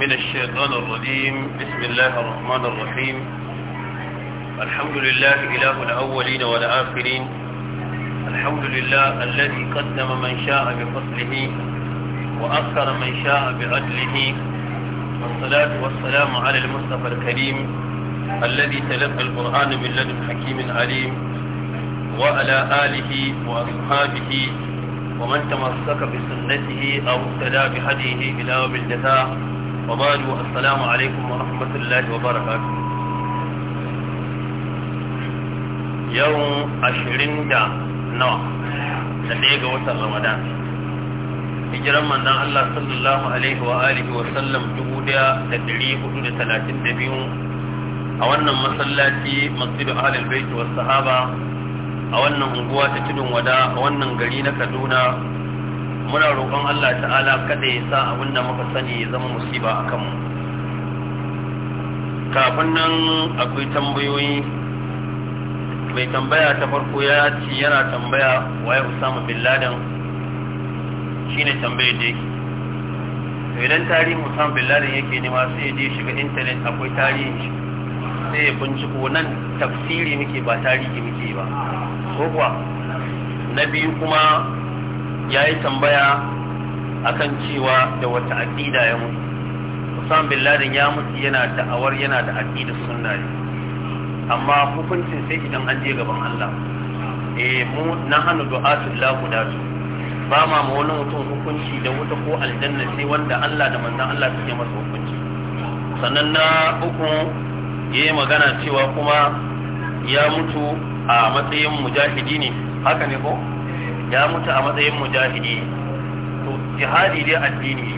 من الشيطان الرجيم بسم الله الرحمن الرحيم الحمد لله إله الأولين والآخرين الحمد لله الذي قدم من شاء بفضله وأخر من شاء بعدله والصلاة والسلام على المصطفى الكريم الذي تلقى القرآن من لدن حكيم عليم وعلى آله وأصحابه ومن تمسك بسنته أو اهتدى بهديه إلى بالجزاء وبعد السلام عليكم ورحمة الله وبركاته يوم عشرين دا نوع لديك وصل رمضان hijiran manzon Allah sallallahu alaihi wa alihi wa sallam biyu. a wannan masallaci masjidu ahlul bait was sahaba a wannan unguwa ta wada a wannan gari na Kaduna muna roƙon Allah ta'ala kada ya sa abin da muka sani ya zama musiba a kanmu kafin nan akwai tambayoyi mai tambaya ta farko ya ci yana tambaya waye Usama bin Laden ne tambayar da yake idan tarihin Usama bin Laden yake nema sai ya je shiga intanet akwai tarihin shi sai ya binciko nan tafsiri muke ba tarihi muke ba ko kuwa na biyu kuma ya yi tambaya a kan cewa da wata aƙida ya mutu Usman bin Laden ya mutu yana da'awar yana da aƙida suna ne amma hukuncin sai idan an je gaban Allah eh mu na hannu du'atul ku da su ba ma ma wani mutum hukunci da wuta ko aljanna sai wanda Allah da manzan Allah suke masa hukunci sannan na uku ya yi magana cewa kuma ya mutu a matsayin mujahidi ne haka ne ko ya mutu a matsayin mujahidi to jihadi dai addini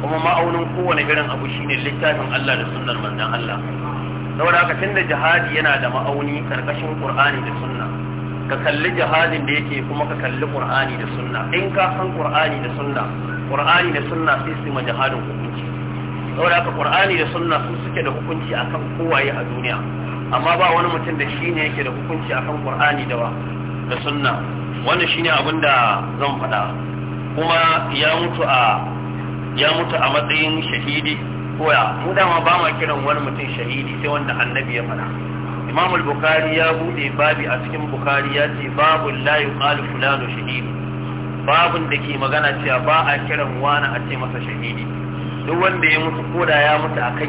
kuma ma'aunin kowane irin abu shine littafin Allah da sunnar manzon Allah saboda haka tunda jihadi yana da ma'auni karkashin Qur'ani da sunna ka kalli jihadin da yake kuma ka kalli Qur'ani da sunna in ka san Qur'ani da sunna Qur'ani da sunna sai su ma jihadin hukunci saboda haka Qur'ani da sunna su suke da hukunci akan kowaye a duniya amma ba wani mutum da shine yake da hukunci akan Qur'ani da da sunna wannan shine abin da zan faɗa kuma ya mutu a ya mutu a matsayin shahidi koya mu dama ba ma kiran wani mutum shahidi sai wanda annabi ya faɗa imam al-bukhari ya bude babi a cikin bukhari ya ce babu la yuqalu fulanu shahidi babun da ke magana cewa ba a kiran wani a ce masa shahidi duk wanda ya mutu ko da ya mutu akan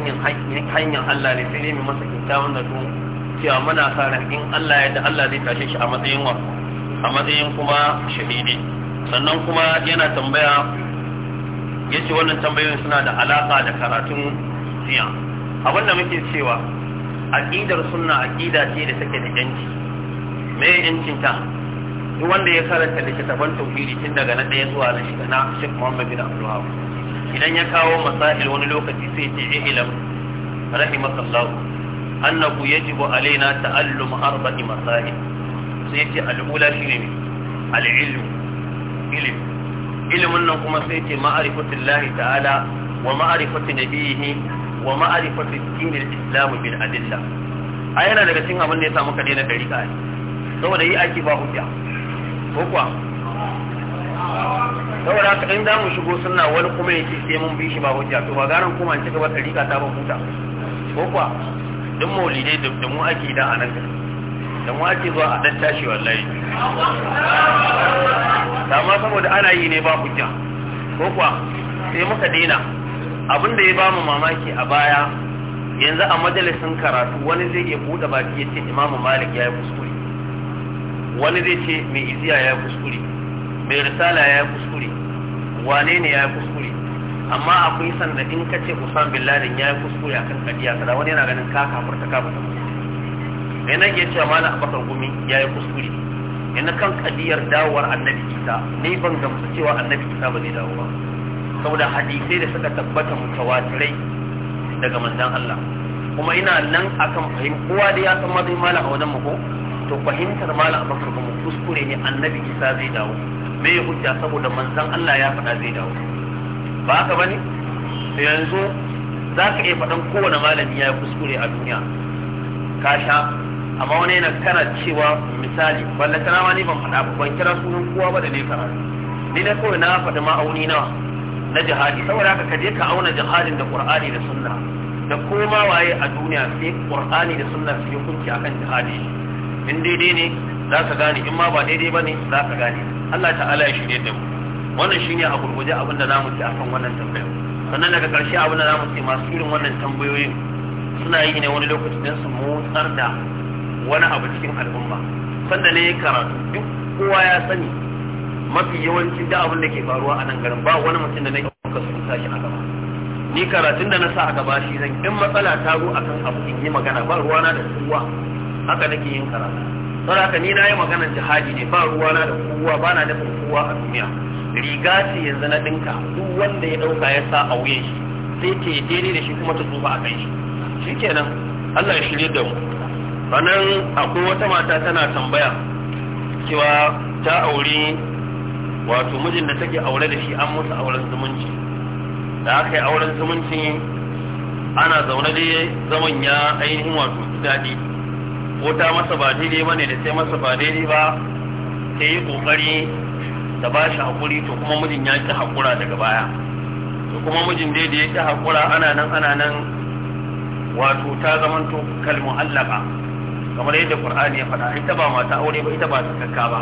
yin hanyar Allah ne sai ne mai masa kyakkyawan da cewa muna sa ran in Allah ya da Allah zai tashe shi a matsayin wa a matsayin kuma shahidi sannan kuma yana tambaya ya ce wannan tambayoyin suna da alaƙa da karatun siya abin da muke cewa aƙidar suna aƙida ce da take da yanci me yancin ta duk wanda ya karanta littattafan tauhidi tun daga na ɗaya zuwa na shiga na Sheikh Muhammad bin Abdul idan ya kawo masahil wani lokaci sai ce ilam rahimakallahu annahu yajibu alaina ta'allum arba'i masail sai yace al'ula shine ne al'ilmu ilim ilimin nan kuma sai yace ma'rifatullahi ta'ala wa ma'rifatu nabiyhi wa ma'rifatu dinil islam bil adilla ai yana daga cin abin da ya samu ka daina dariƙa ne saboda yi aiki ba hujja ko kuwa saboda haka in za mu shigo sunna wani kuma ya ce sai mun bi shi ba hujja to ba garan kuma in ci gaba dariƙa ta ba huta ko kuwa duk maulidai da mu ake nan gari. dan wace zuwa a dan tashi wallahi ma saboda ana yi ne ba hujja ko kuwa sai muka daina abin da ya bamu mamaki a baya yanzu a majalisin karatu wani zai iya bude baki ya ce imamu malik ya yi kuskure wani zai ce mai iziya ya yi kuskure mai risala ya yi kuskure wane ne ya yi kuskure amma akwai sanda in ka ce usman bin laden ya yi kuskure akan kadiya kada wani yana ganin ka kafurta kafurta mai nan ya ce mana abakar gumi ya yi kuskure yana kan kadiyar dawowar annabi isa ne ban gamsu cewa annabi isa ba zai dawo ba saboda hadisai da suka tabbata mutawatirai daga manzon Allah kuma ina nan akan fahim kowa da ya san mazai malam a wajen mako to fahimtar malam abakar gumi kuskure ne annabi isa zai dawo me hujja saboda manzon Allah ya faɗa zai dawo ba haka bane yanzu za ka iya faɗan kowane malami ya yi kuskure a duniya ka sha amma wani yana kana cewa misali balle tana ma ni ban faɗa ba ban kira sunan kowa ba da ne karatu ni na kawai na faɗi ma'auni nawa na jihadi saboda haka ka je ka auna jihadin da qur'ani da sunna da koma waye a duniya sai qur'ani da sunna su hukunci akan jihadi in daidai ne za ka gane in ma ba daidai ba ne za ka gane Allah ta'ala ya shirye da mu wannan shine a gurguje abin da zamu ci akan wannan tambayar sannan daga ƙarshe abin da zamu ci masu irin wannan tambayoyin suna yi ne wani lokaci don su motsar da wani abu cikin al'umma sanda ne ya karatu duk kowa ya sani mafi yawancin da abin da ke faruwa a nan garin ba wani mutum da na ɗauka sun tashi a gaba ni karatun da na sa a gaba shi zan in matsala ta zo akan abu in yi magana ba ruwana da kowa haka nake yin karatu saboda ni na yi maganar jihadi ne ba ruwana da kowa ba na dafin kowa a duniya riga ce yanzu na ɗinka duk wanda ya ɗauka ya sa a wuyan shi sai ke daidai da shi kuma ta tsufa a kan shi kenan, Allah ya shirye da mu sannan akwai wata mata tana tambaya cewa ta aure wato mijin da take aure da shi an musu auren zumunci da aka yi auren zumunci ana zaune da zaman ya ainihin wato daɗi ko ta masa ba daidai ba ne da sai masa ba daidai ba ta yi ƙoƙari da ba shi haƙuri to kuma mijin ya ƙi haƙura daga baya to kuma mijin daidai ya ƙi haƙura ana nan ana nan wato ta zamanto kalmu allaka kamar yadda qur'ani ya faɗa ita ba mata aure ba ita ba sakakka ba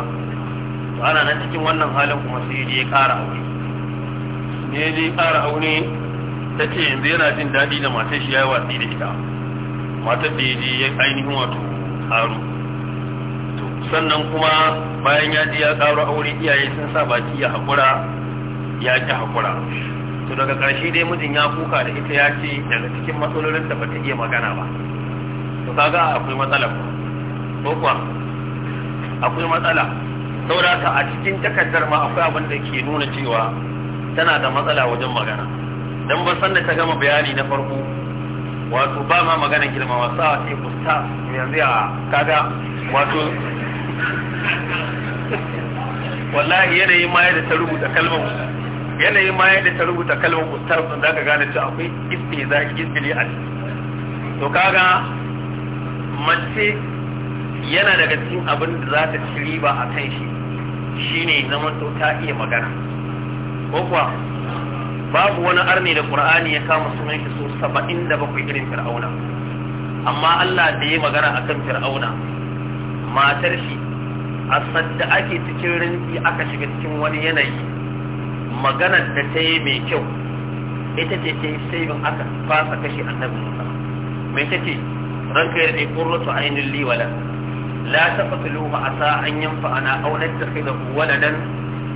to ana nan cikin wannan halin kuma sai je ya ƙara aure ne je ƙara aure ta ce yanzu yana jin daɗi da matar shi ya yi watsi da ita matar da ya je ya ainihin wato ƙaro to sannan kuma bayan ya je ya ƙaro aure iyaye sun sa baki ya haƙura ya ƙi haƙura to daga ƙarshe dai mijin ya kuka da ita ya ce daga cikin matsalolin da bata iya magana ba to kaga akwai matsala ko kuwa akwai matsala saboda a cikin takardar ma akwai abin da ke nuna cewa tana da matsala wajen magana dan ba san da ta gama bayani na farko wato ba ma magana girmama sa ce kusta yanzu a kaga wato wallahi yanayin ma yadda ta rubuta kalmar yanayin ma yadda ta rubuta kalmar ustaz za ka gane cewa akwai isti za ki istili a to kaga mace yana daga cikin abin da za ta ci riba a kan shi shine zaman to ta iya magana ko kuwa babu wani arni da qur'ani ya kama sunan shi so bakwai irin fir'auna amma Allah da ya magana akan fir'auna matar shi a sadda ake cikin rinki aka shiga cikin wani yanayi maganar da ta yi mai kyau ita ce ta yi saibin aka fasa kashe annabi Musa mai ta ce ranka ya rade qurratu ainil li wala la a asa an yanfa'ana aw nattakhidahu waladan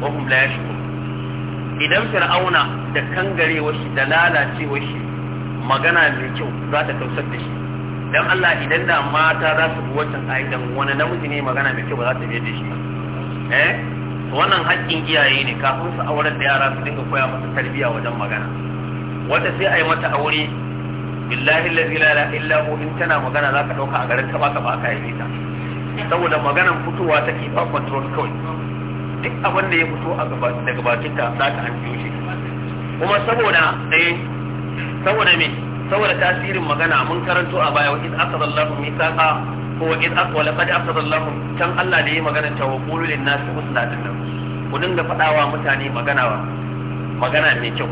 wa hum la shigo. idan fir'auna da kangarewar shi da lalacewar shi magana mai kyau za ta tausar da shi dan Allah idan da mata za su wancan aidan wani namiji ne magana mai kyau ba za ta biyar da shi eh wannan haƙƙin iyaye ne kafin su aurar da yara su dinga koya masa tarbiyya wajen magana wata sai a yi mata aure billahi allazi la ilaha illa hu in tana magana za ka ɗauka a garin ka baka baka yi ta saboda maganan fitowa take ba control kawai duk abin da ya fito a gaba daga bakin ta zaka an shi kuma saboda eh saboda me saboda tasirin magana mun karanto a baya wa iz akhadallahu mithaqa ko wa iz aqwala qad akhadallahu can Allah da yayi magana ta wa qulul linnas husna nan, ku dinga faɗawa mutane magana magana mai kyau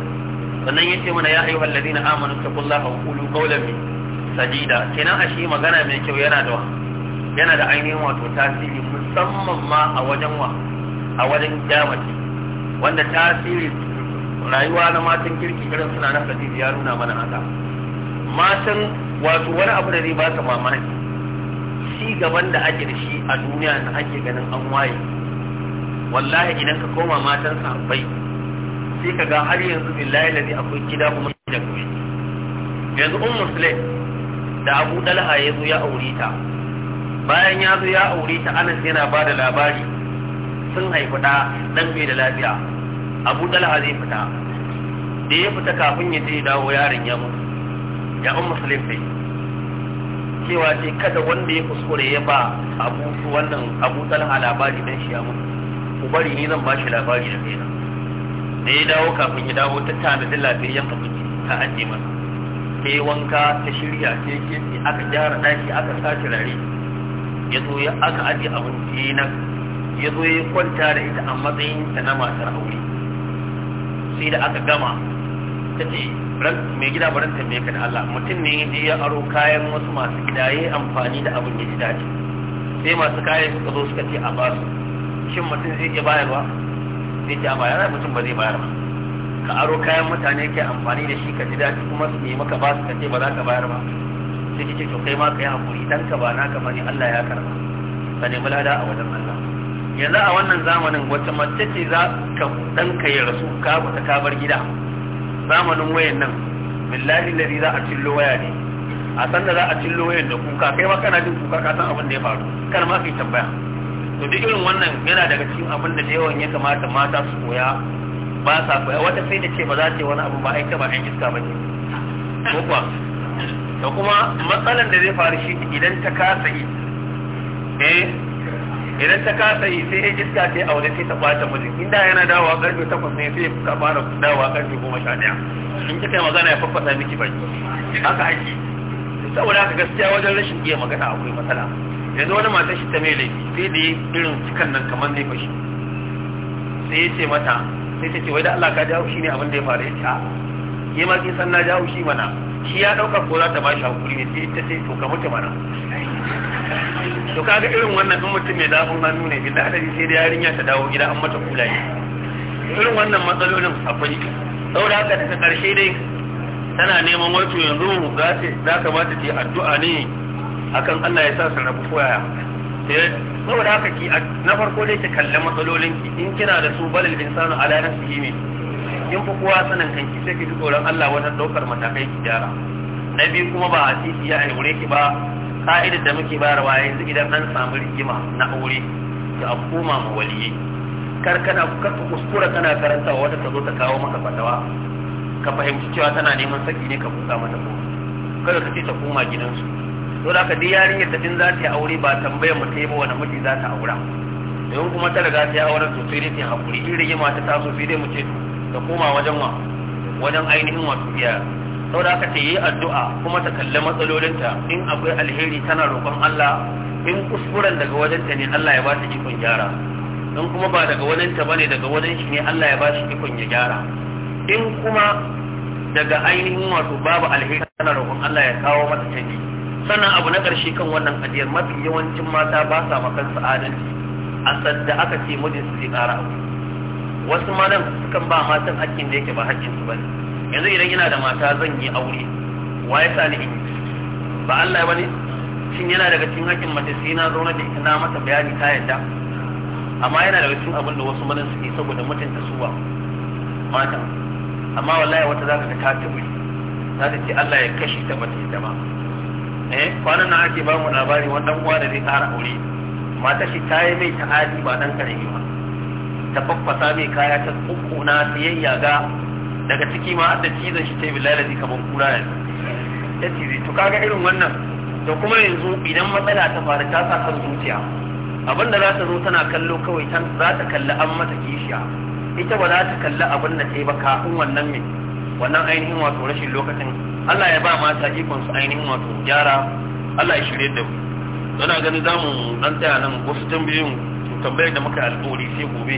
sannan ya ce mana ya ayyuhal ladina amanu ta taqullaha wa qulu qawlan sadida kenan a shi magana mai kyau yana da yana da ainihin wato tasiri musamman ma a wajen wa a wajen kyamati wanda tasiri rayuwa na matan kirki irin suna na sadidi ya nuna mana haka matan wato wani abu da zai baka mamaki ci gaban da ake da shi a duniya na ake ganin an waye wallahi idan ka koma matan bai. sai ka ga har yanzu billahi ladi akwai gida kuma da kushi yanzu um muslim da abu dalha ya zo ya aure ta bayan ya zo ya aure ta anas yana ba da labari sun haifi ɗa ɗan bai da lafiya abu dalha zai fita da ya fita kafin ya je dawo yaron ya mutu ya um muslim sai cewa ce kada wanda ya kuskure ya ba abu wannan abu dalha labari dan shi ya mutu ku bari ni zan ba shi labari da kaina da ya dawo kafin ya dawo ta tanadi lafiyayyen abinci ta aje masa ta yi wanka ta shirya ta yi kirki aka gyara ɗaki aka sa turare ya zo ya aka aje abinci na? ya zo ya kwanta da ita a matsayin ta na matar aure sai da aka gama ta ce mai gida barin ta mai da Allah mutum ne ya je ya aro kayan wasu masu gida ya amfani da abin da ya dace sai masu kayan suka zo suka ce a basu shin mutum zai iya bayarwa zai ce ba yana mutum ba zai bayar ba ka aro kayan mutane ke amfani da shi ka ji daɗi kuma su nemi ka ba su ka ce ba za ka bayar ba sai ki ce to kai ma ka yi hakuri dan ka ba naka bane Allah ya karba ka nemi lada a wajen Allah yanzu a wannan zamanin wata mace ce za ka dan ka ya rasu ka ta ka bar gida zamanin wayan nan billahi ladi za a cillo waya ne a san da za a cillo wayan da kuka kai ma kana jin kuka ka san abin da ya faru kar ma kai tambaya to duk irin wannan yana daga cikin abin da da yawan ya kamata mata su koya ba sa koya wata sai da ce ba za ta yi wani abu ba aika ba an iska ba ne ko kuwa da kuma matsalan da zai faru shi idan ta kasa yi eh idan ta kasa yi sai iska ta yi aure sai ta bata mutum inda yana dawowa karfe takwas ne sai ka fara dawowa karfe goma sha ɗaya in kika yi magana ya faffasa miki ba haka ake saboda haka gaskiya wajen rashin iya magana akwai matsala yanzu wani mata shi ta mai laifi sai da irin cikan nan kamar zai fashi sai ya ce mata sai ta ce wai da Allah ka jawo shi ne abin da ya faru ya ce a yi ma kin san na jawo shi mana shi ya ɗauka ko za ta ba shi hakuri ne sai ta ce to ka mutu mana to kaga irin wannan in mutum mai zafin hannu ne bin da hadari sai da yarinya ta dawo gida an mata kula ne irin wannan matsalolin akwai saboda haka daga karshe dai tana neman wato yanzu za ka ba ta ce addu'a ne akan Allah ya sa su rabu koyaya eh, saboda haka ki na farko dai ki kalli matsalolin ki in kina da su balil insanu ala nafsihi min in fi kowa sanin kanki sai ki ji tsoron Allah wajen daukar matakai ki gyara na biyu kuma ba a ya aure ki ba ka'idar da muke bayarwa yanzu idan an samu rigima na aure ki a koma mu waliyi kar kana kar kuskura kana karantawa wata ta zo ta kawo maka fatawa ka fahimci cewa tana neman saki ne ka buka mata ko kada ka ce ta koma gidansu to da ka yarinyar ta din za ta yi aure ba tambayar mu ta yi ba wani miji za ta aura in kuma ta riga ta yi auren to sai dai ta hakuri in rigima ta taso sai dai mu ce ta koma wajen wa wajen ainihin wasu iyaye sau da ka ta yi addu'a kuma ta kalli matsalolinta in akwai alheri tana roƙon Allah in kuskuren daga wajen ta ne Allah ya ba ta ikon gyara in kuma ba daga ta ba ne daga wajen shi ne Allah ya ba shi ikon ya gyara in kuma daga ainihin wato babu alheri tana roƙon Allah ya kawo mata canji sannan abu na ƙarshe kan wannan hadiyar mafi yawancin mata ba sa makan adalci a sadda aka ce mijin su zai ƙara abu wasu malam sukan ba matan hakkin da yake ba hakkin su bane yanzu idan ina da mata zan yi aure wa ya sani in ba Allah ya bane shin yana daga cikin hakkin mace sai na zauna da ita na mata bayani ta yadda amma yana daga cikin abin da wasu malam suke saboda mutunta su ba mata amma wallahi wata zaka ta tubuli zaka ta ce Allah ya kashe ta bata ita ba eh kwanan nan ake bamu labari wannan uwa da zai tsara aure mata shi ta yi mai ta'adi ba dan karami ba ta faffasa mai kaya ta na ta ga. daga ciki ma da cizon shi ta yi bilalazi kamar kura ya ta cizi to kaga irin wannan da kuma yanzu idan matsala ta faru ta sa kan zuciya abin da za ta zo tana kallo kawai ta za ta kalli an mata kishiya ita ba za ta kalli abin da ta yi ba kafin wannan mai wannan ainihin wato rashin lokacin Allah ya ba mata ikon su ainihin wato gyara Allah ya shirye da mu don a gani zamu dan tsaya nan wasu tambayoyin mu tambayar da muka alƙawari sai gobe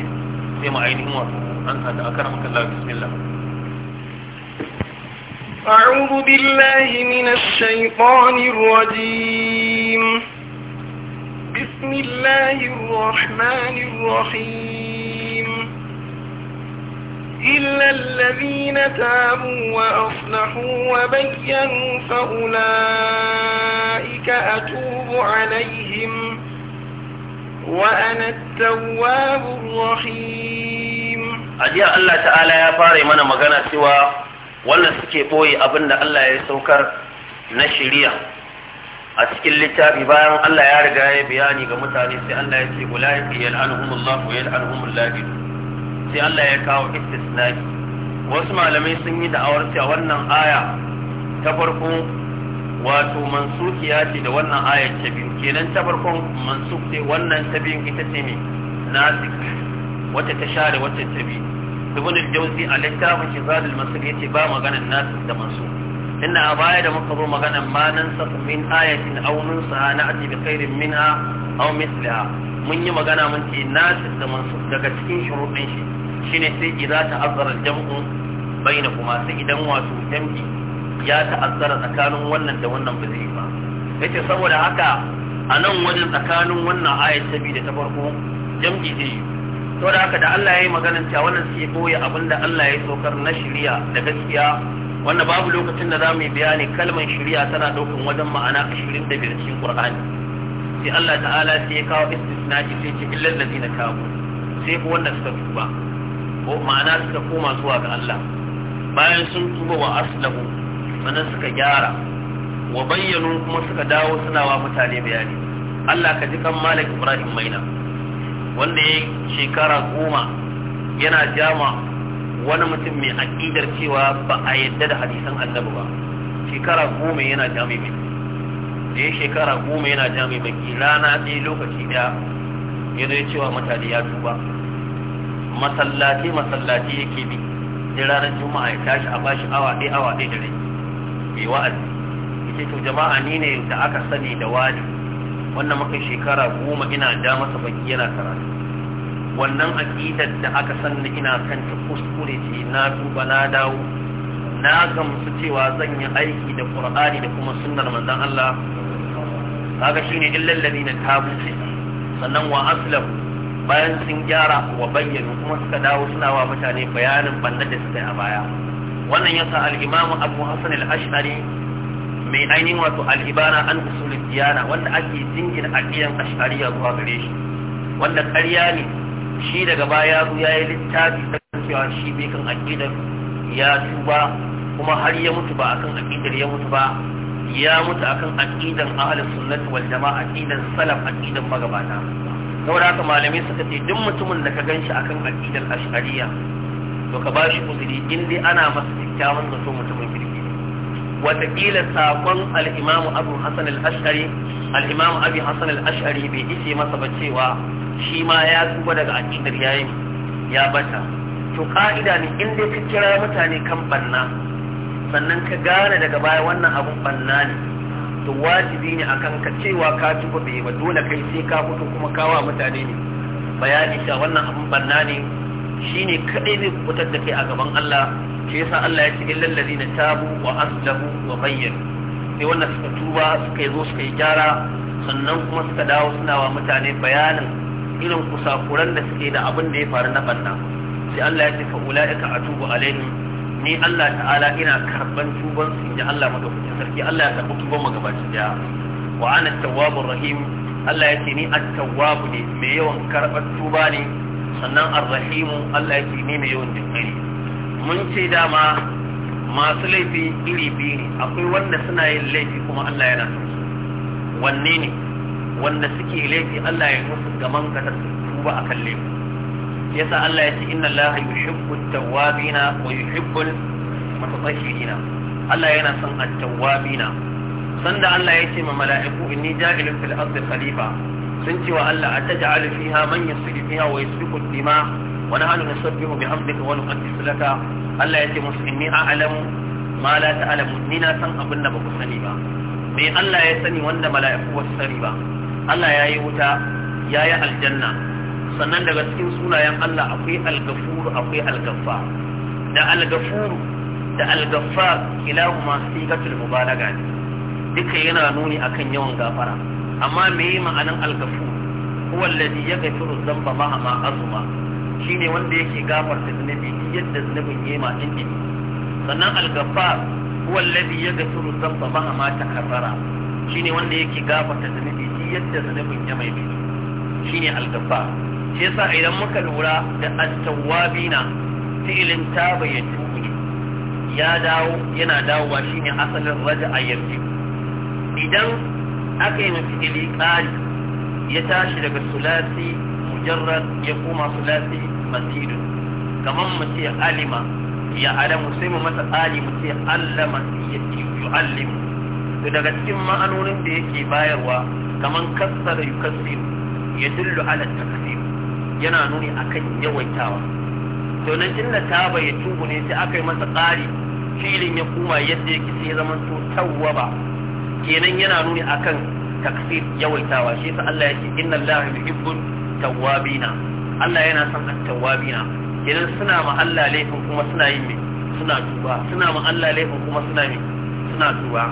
sai mu ainihin wato an sa da akara maka Allah bismillah أعوذ بالله من الشيطان الرجيم بسم الله الرحمن الرحيم إلا الذين تابوا وأصلحوا وبينوا فأولئك أتوب عليهم وأنا التواب الرحيم أجي الله تعالى يا فاري من مغانا سوى ولا سكيبوي بوي أبن الله يسوكر نشريا a cikin littafi bayan Allah ya riga ya bayani ga mutane sai Allah ya ce ulaika yal'anuhumullahu yal'anuhumul sai Allah ya kawo istisnai wasu malamai sun yi da'awar cewa wannan aya ta farko wato mansukiya ce da wannan aya ta biyu kenan ta farkon mansuk ce wannan ta biyun ita ce ne nasik wacce ta share wacce ta biyu ibn al-jawzi a littafin shizadul masul yace ba maganar nasik da mansuk inna a baya da muka zo maganar ma nan saku min ayatin aw nunsaha na'ti bi khairin minha aw mithliha mun yi magana mun ce nasik da mansuk daga cikin shuruɗin shi shine sai idza ta'azzara al-jam'u bainakuma sai idan wato jam'i ya ta'azzara tsakanin wannan da wannan ba zai ba yace saboda haka a nan wajen tsakanin wannan ayat ta biyu da ta farko jam'i zai yi saboda haka da Allah ya yi maganar cewa wannan sai boye abinda Allah ya saukar na shari'a da gaskiya wanda babu lokacin da za mu yi bayani kalmar shari'a tana ɗaukan wajen ma'ana ashirin da biyar cikin Qur'ani sai Allah ta'ala sai ya kawo istisna sai ce illal ladina kafu sai ko wanda suka tuba ko ma'ana suka koma zuwa ga Allah bayan sun tuba wa aslahu sannan suka gyara wa bayyanu kuma suka dawo suna wa mutane bayani Allah ka ji kan Malik Ibrahim Maina wanda ya shekara goma yana jama wani mutum mai aƙidar cewa ba a yadda da hadisan annabi ba shekara goma yana jami mai da ya shekara goma yana jami mai rana ɗaya lokaci ɗaya ya zai cewa mutane ya tuba masallaci masallaci yake bi sai ranar juma'a ya tashi a bashi awa ɗaya awa ɗaya da rai mai wa'azi Ita to jama'a ni ne da aka sani da wani wannan muka shekara goma ina da masa baki yana karatu wannan aƙidar da aka sani ina kanta kuskure ce na duba na dawo na gamsu cewa zan yi aiki da ƙur'ani da kuma sunnar manzon Allah kaga shine illal ladina tabu sannan wa aslam bayan sun gyara wa bayyana kuma suka dawo suna wa mutane bayanin bannar da suka yi a baya wannan ya sa al'imamu abu hassan al'ashari mai ainihin wato al'ibana an usulun diyana wanda ake jingina aƙiyan ashariya zuwa gare shi wanda ƙarya ne shi daga baya ya yi littafi da cewa shi bai kan aƙidar ya tuba kuma har ya mutu ba akan aƙidar ya mutu ba ya mutu akan aƙidan ahalin sunnati wal jama'a aƙidan salaf aƙidan magabata saboda haka malamai suka ce duk mutumin da ka gan shi akan aqidar ash'ariya to ka bashi uzuri in dai ana masa kyakkyawan zato mutumin kirki wataƙila saƙon al'imamu abu hasan al'ashari al'imamu abu hasan al'ashari bai ishe masa ba cewa shi ma ya tuba daga aƙidar yayin ya bata to ka'ida ne in dai ka kira mutane kan banna sannan ka gane daga baya wannan abun banna ne to wajibi ne akan ka cewa ka ci kuɗi ba dole kai sai ka fito kuma kawa mutane ne bayani cewa wannan abin banna ne shine kadai ne fitar da kai a gaban Allah shi yasa Allah ya ce illal ladina tabu wa aslahu wa bayyanu sai wannan suka tuba suka yi zo suka yi gyara sannan kuma suka dawo suna wa mutane bayanin irin kusakuran da suke da abin da ya faru na banna sai Allah ya ce fa ulaika atubu alaihim ni Allah ta'ala ina karban tuban su ji Allah madaukakin sarki Allah ya karbi tuban mu gaba da wa ana tawwabur rahim Allah ya ce ni at-tawwab ne mai yawan karban tuba ne sannan ar-rahim Allah ya ce ni mai yawan dinkari mun ce dama masu laifi iri biyu ne akwai wanda suna yin laifi kuma Allah yana son wanne ne wanda suke laifi Allah ya musu gaman kadar tuba akan laifi yasa Allah ya ce inna Allah yuhibbu at-tawwabina wa yuhibbu al-mutatahhirina Allah yana son at-tawwabina sanda Allah ya ce ma mala'iku inni ja'ilun fil ardi khalifa sun ce wa Allah ataj'alu fiha man yusrifu fiha wa yusrifu ad-dima wa nahnu nusabbihu bihamdika wa nuqaddisu laka Allah ya ce musu inni a'lamu ma la ta'lamu ni na san abin da baku sani ba me Allah ya sani wanda mala'iku ba su sani ba Allah ya yi wuta ya yi aljanna sannan daga cikin sunayen Allah akwai al'gafuru akwai al-ghaffar da al-ghafur da al-ghaffar kilahuma sigatul mubalaga ne duka yana nuni akan yawan gafara amma me yi ma'anan al-ghafur huwa alladhi yaghfiru dhanba mahama azma shine wanda yake gafarta zunubi yadda zunubin yayi ma inji sannan al-ghaffar huwa alladhi yaghfiru dhanba ma takarrara shine wanda yake gafarta zunubi yadda zunubin ya mai shine al-ghaffar shi yasa idan muka lura da attawabina fi'ilin ta bayyana ya dawo yana dawowa shine asalin raja a yanzu idan aka yi mafi ili ƙari ya tashi daga sulasi mujarrad ya koma sulasi masidun kamar mu ce alima ya alamu sai mu masa ali mu ce allama ya yu'allimu to daga cikin ma'anonin da yake bayarwa kamar kassara yukasiru ya dillu ala takasir yana nuni akan yawaitawa to nan inda taba ya tubu ne sai aka yi masa tsari filin ya kuma yadda yake sai ya zama to tawwaba kenan yana nuni akan taksir yawaitawa shi yasa Allah yake inna Allaha yuhibbul tawwabina Allah yana son at-tawwabina kenan suna ma Allah laifin kuma suna yin me suna tuba suna ma Allah laifin kuma suna me suna tuba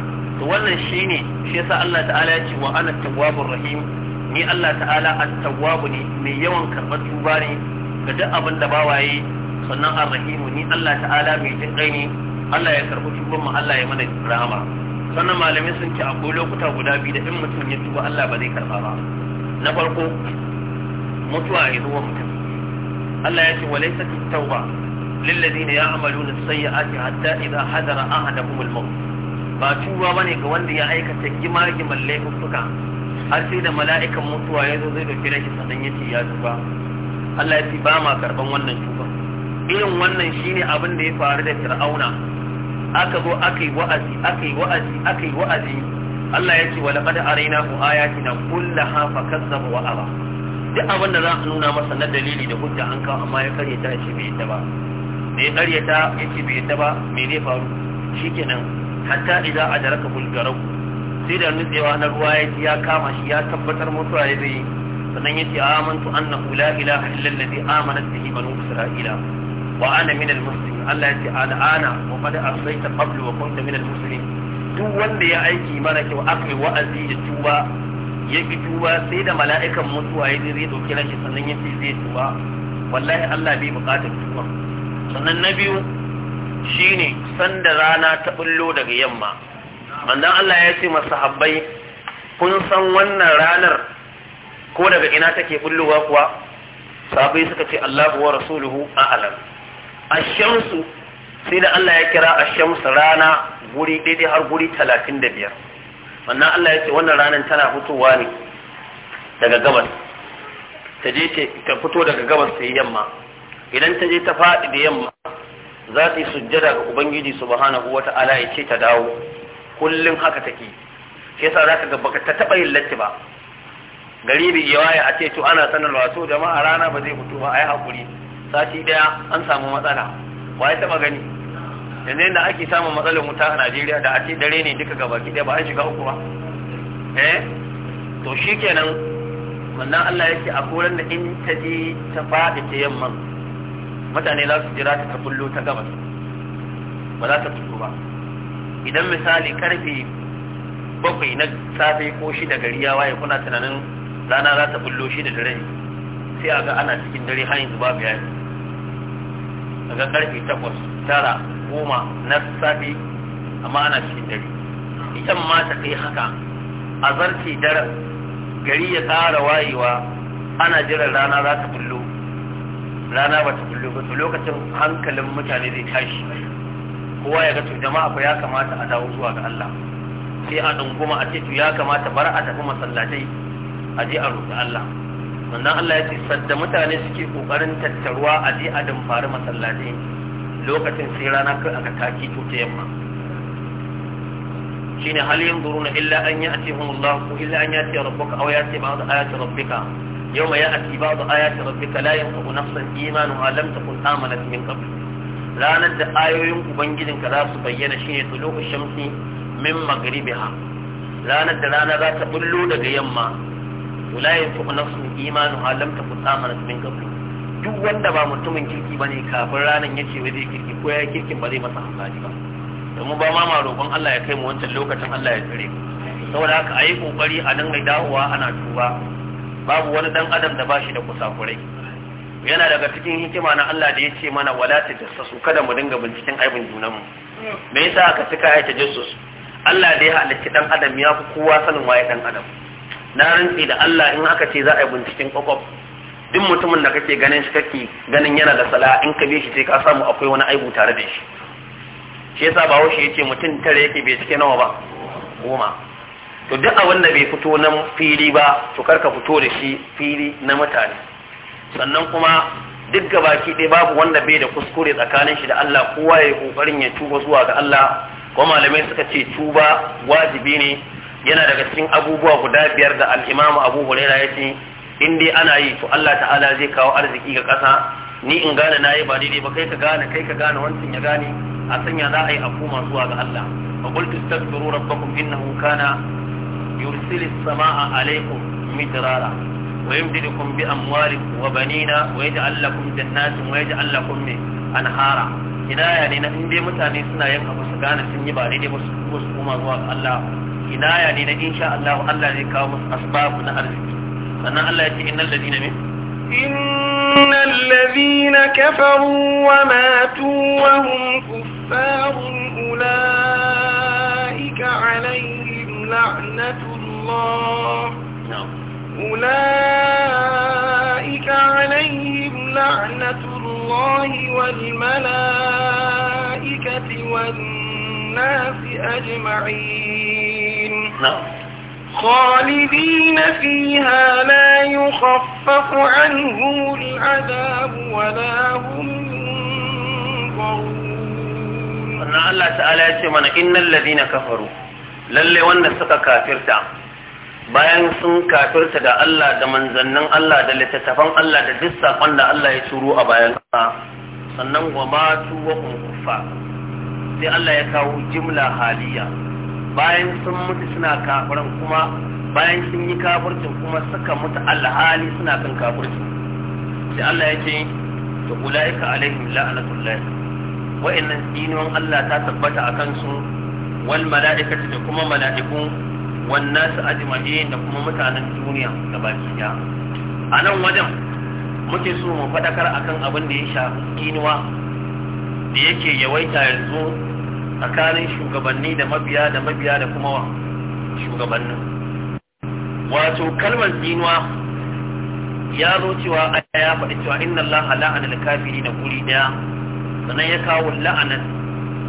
to wannan shine shi sa Allah ta'ala ya ce wa ana tawwabur rahim ni Allah ta'ala at-tawwabu ne mai yawan karɓar tuba ne ga duk abin da bawaye sannan ar-rahimu ni Allah ta'ala mai jin kai ne Allah ya karɓi tuban mu Allah ya mana rahama sannan malamai sun ce akwai lokuta guda biyu da in mutum ya tuba Allah ba zai karɓa ba na farko mutuwa ya zuwa mutum Allah ya ce wa laysa at-tawba lilladheena ya'maluna as-sayyi'ati hatta idha hadara ahadahum al-maut ba tuba bane ga wanda ya aikata gima giman laifuka har sai da mala'ikan mutuwa ya zo zai dauki shi sannan ya ce ya tuba Allah ya ce ba ma karban wannan tuba irin wannan shine abin da ya faru da fir'auna aka zo aka yi wa'azi aka yi wa'azi aka yi wa'azi Allah ya ce wa laqad araynahu ayatina kullaha fakazzaba wa aba duk abin da za a nuna masa na dalili da hujja an kawo amma ya karyata shi bai yadda ba da ya karyata ya ce bai yadda ba me zai faru shikenan hatta idza adraka bulgaraku sai da nutsewa na ruwa ya ya kama shi ya tabbatar mutuwa ya zai sannan yace amantu annahu la ilaha illa allazi amanat bihi banu isra'ila wa ana min almuslimin Allah ce al'ana wa qad ta qablu wa kunta minal almuslimin duk wanda ya aiki mana kyau aka yi wa'azi ya tuba ya ki tuba sai da mala'ikan mutuwa ya zai dauki ran shi sannan yace zai tuba wallahi Allah bai buƙatar tuba sannan na biyu shine sanda rana ta ɓullo daga yamma manzon Allah ya ce masahabbai kun san wannan ranar ko daga ina take bullowa kuwa sahabbai suka ce Allahu wa rasuluhu a'lam ash-shamsu sai da Allah ya kira ash-shamsu rana guri daidai har guri 35 manzon Allah ya ce wannan ranar tana fitowa ne daga gabas ta je ta fito daga gabas ta yi yamma idan ta je ta faɗi da yamma za ta yi sujjada ga ubangiji subhanahu wata'ala ya ce ta dawo kullum haka take shi yasa za ka ga baka ta taɓa yin latti ba gari bai yi waye a ce to ana sanarwa so jama'a rana ba zai fito ba ai hakuri sati daya an samu matsala wa ya taɓa gani yanzu yadda ake samun matsalar wuta a Najeriya da a ce dare ne duka gaba ki ba an shiga uku ba eh to shi kenan wannan Allah yake a koran da in ta je ta faɗi ta yamma, mutane za su jira ta kullu ta gabas ba za ta fito ba idan misali karfe bakwai na safe ko shida gari ya waye kuna tunanin rana za ta bullo shi da dare, sai a ga ana cikin dare har yanzu babu yayi a ga karfe takwas tara goma na safe amma ana cikin dare idan ma ta kai haka a zarce dare gari ya tsara wayewa ana jiran rana za ta bullo rana ba ta bullo ba to lokacin hankalin mutane zai tashi kowa ya ga to jama'a fa ya kamata a dawo zuwa ga Allah sai a dunguma a ce to ya kamata bar a tafi masallatai a je a roƙi Allah sannan Allah ya ce sadda mutane suke kokarin tattaruwa a je a dumfari masallatai lokacin sai rana kai aka taki to ta yamma shine hal yanzuruna illa an ya'tihum Allah ko illa an ya'ti rabbuka aw ya'ti ba'd ayati rabbika yawma ya'ti ba'd ayati rabbika la yanfa'u nafsan imanuha lam takun amanat min qabl ranar da ayoyin ka za su bayyana shine tulu shamsi min magribiha ranar da rana za ta bullo daga yamma wala yanfu nafsu imanu alam ta kuta mana min qabli duk wanda ba mutumin kirki bane kafin ranar ce wai zai kirki ko ya kirkin ba zai masa amfani ba domin ba ma ma roƙon Allah ya kai mu wancan lokacin Allah ya tsare mu saboda haka ayi kokari a dinga dawowa ana tuba babu wani dan adam da bashi da kusakurai yana daga cikin hikima na Allah da ya ce mana wala jassasu kada mu dinga binciken aibin junanmu me yasa aka cika ya tajassus Allah da ya halicci dan adam ya fi kowa sanin waye dan adam na rantsi da Allah in aka ce za a yi binciken kwakwaf duk mutumin da kake ganin shi kake ganin yana da sala in ka bi shi sai ka samu akwai wani aibu tare da shi shi yasa ba ya yace mutum tare yake bai cike nawa ba goma to duk abin da bai fito na fili ba to karka fito da shi fili na mutane sannan kuma duk gabaki ɗaya babu wanda bai da kuskure tsakanin shi da Allah kowa ya yi kokarin ya tuba zuwa ga Allah ko malamai suka ce tuba wajibi ne yana daga cikin abubuwa guda biyar da al'imamu Abu ya ce in dai ana yi to Allah ta'ala zai kawo arziki ga ƙasa ni in gane na yi ba daidai ba kai ka gane kai ka gane wancan ya gane a sanya za a yi afuma zuwa ga Allah fa qul tastaghfiru rabbakum innahu kana yursilis samaa alaykum ويمددكم بأموالكم وبنين ويجعل لكم جنات ويجعل لكم أنهارا kinaya ne na inda mutane suna yin abu su gane sun yi ba daidai ba su kuma zuwa ga Allah ya ne na insha Allah Allah zai kawo musu asbabu na arziki sannan Allah ya ce innal ladina min innal ladina kafaru wa matu wa hum kuffarun ulaika alaihim la'natullah na'am أولئك عليهم لعنة الله والملائكة والناس أجمعين نعم. خالدين فيها لا يخفف عنهم العذاب ولا هم ينظرون الله تعالى يقول إن الذين كفروا للي ونسك سكا كافرتا bayan sun kafirta da Allah da manzannin Allah da littattafan Allah da duk saƙon da Allah ya turo a bayan ƙasa sannan wa matu wa kufa sai Allah ya kawo jimla haliya bayan sun mutu suna kafiran kuma bayan sun yi kafircin kuma suka mutu alhali suna kan kafirci sai Allah ya ce to ulaika alaihim la'natullah wa'annan dinon Allah ta tabbata akan su wal mala'ikatu da kuma mala'ikun wannan su ajma'in da kuma mutanen duniya da baki daya a nan wajen muke so mu faɗakar akan abin da ya shafi kinuwa da yake yawaita yanzu tsakanin shugabanni da mabiya da mabiya da kuma shugabannin wato kalmar kinuwa ya zo cewa aya ya faɗi cewa inna laha la'ana al-kafiri da guri sannan ya kawo la'anar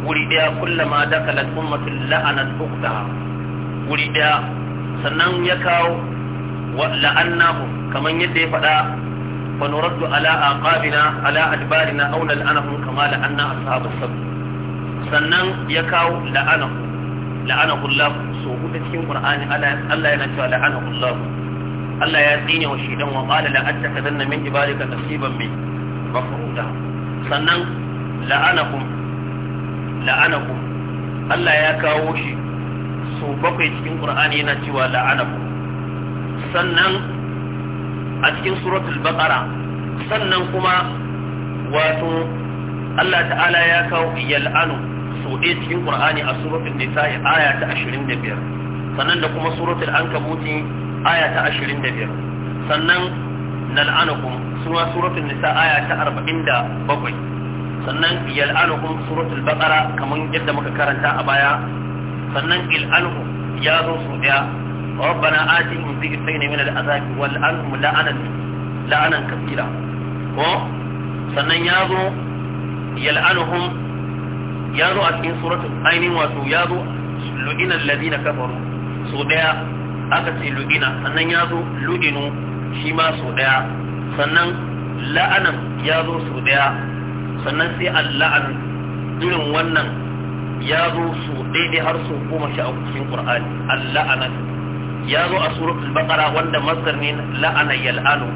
guri daya kullama dakalat ummatul la'anat ukhtaha guri daya sannan ya kawo la'annahu kamar yadda ya faɗa fa nuraddu ala aqabina ala adbarina aw nal'anahum kama la'anna ashabus sabt sannan ya kawo la'anahu la'anahu Allah so hudu cikin Qur'ani Allah yana cewa la'anahu Allah Allah ya tsine wa shidan wa qala la attakhadhanna min ibadika nasiban min mafruda sannan la'anakum la'anakum Allah ya kawo shi Su bakwai cikin qur'ani yana cewa la'anaku sannan a cikin suratul baqara sannan kuma wato Allah ta'ala ya kawo yal'anu so ɗaya cikin qur'ani a suratul nisa'i aya ta 25 sannan da kuma suratul ankabuti aya ta 25 sannan nal'anakum suna suratul nisa aya ta 47 sannan yal'anukum suratul baqara kaman yadda muka karanta a baya sannan il'anhu ya zo su daya rabbana atihim bi ne min al'azab wal anhum la'anan la'anan kathira ko sannan ya zo yal'anuhum ya zo a cikin suratul ainihin wato ya zo lu'ina alladhina kafaru su ɗaya aka ce lu'ina sannan ya zo lu'inu shi ma su ɗaya, sannan la'anan ya zo su ɗaya, sannan sai al-la'an irin wannan ya zo su daidai har su goma sha uku cikin qur'ani al-la'ana ya zo a suratul baqara wanda masdar ne la'ana yal'anu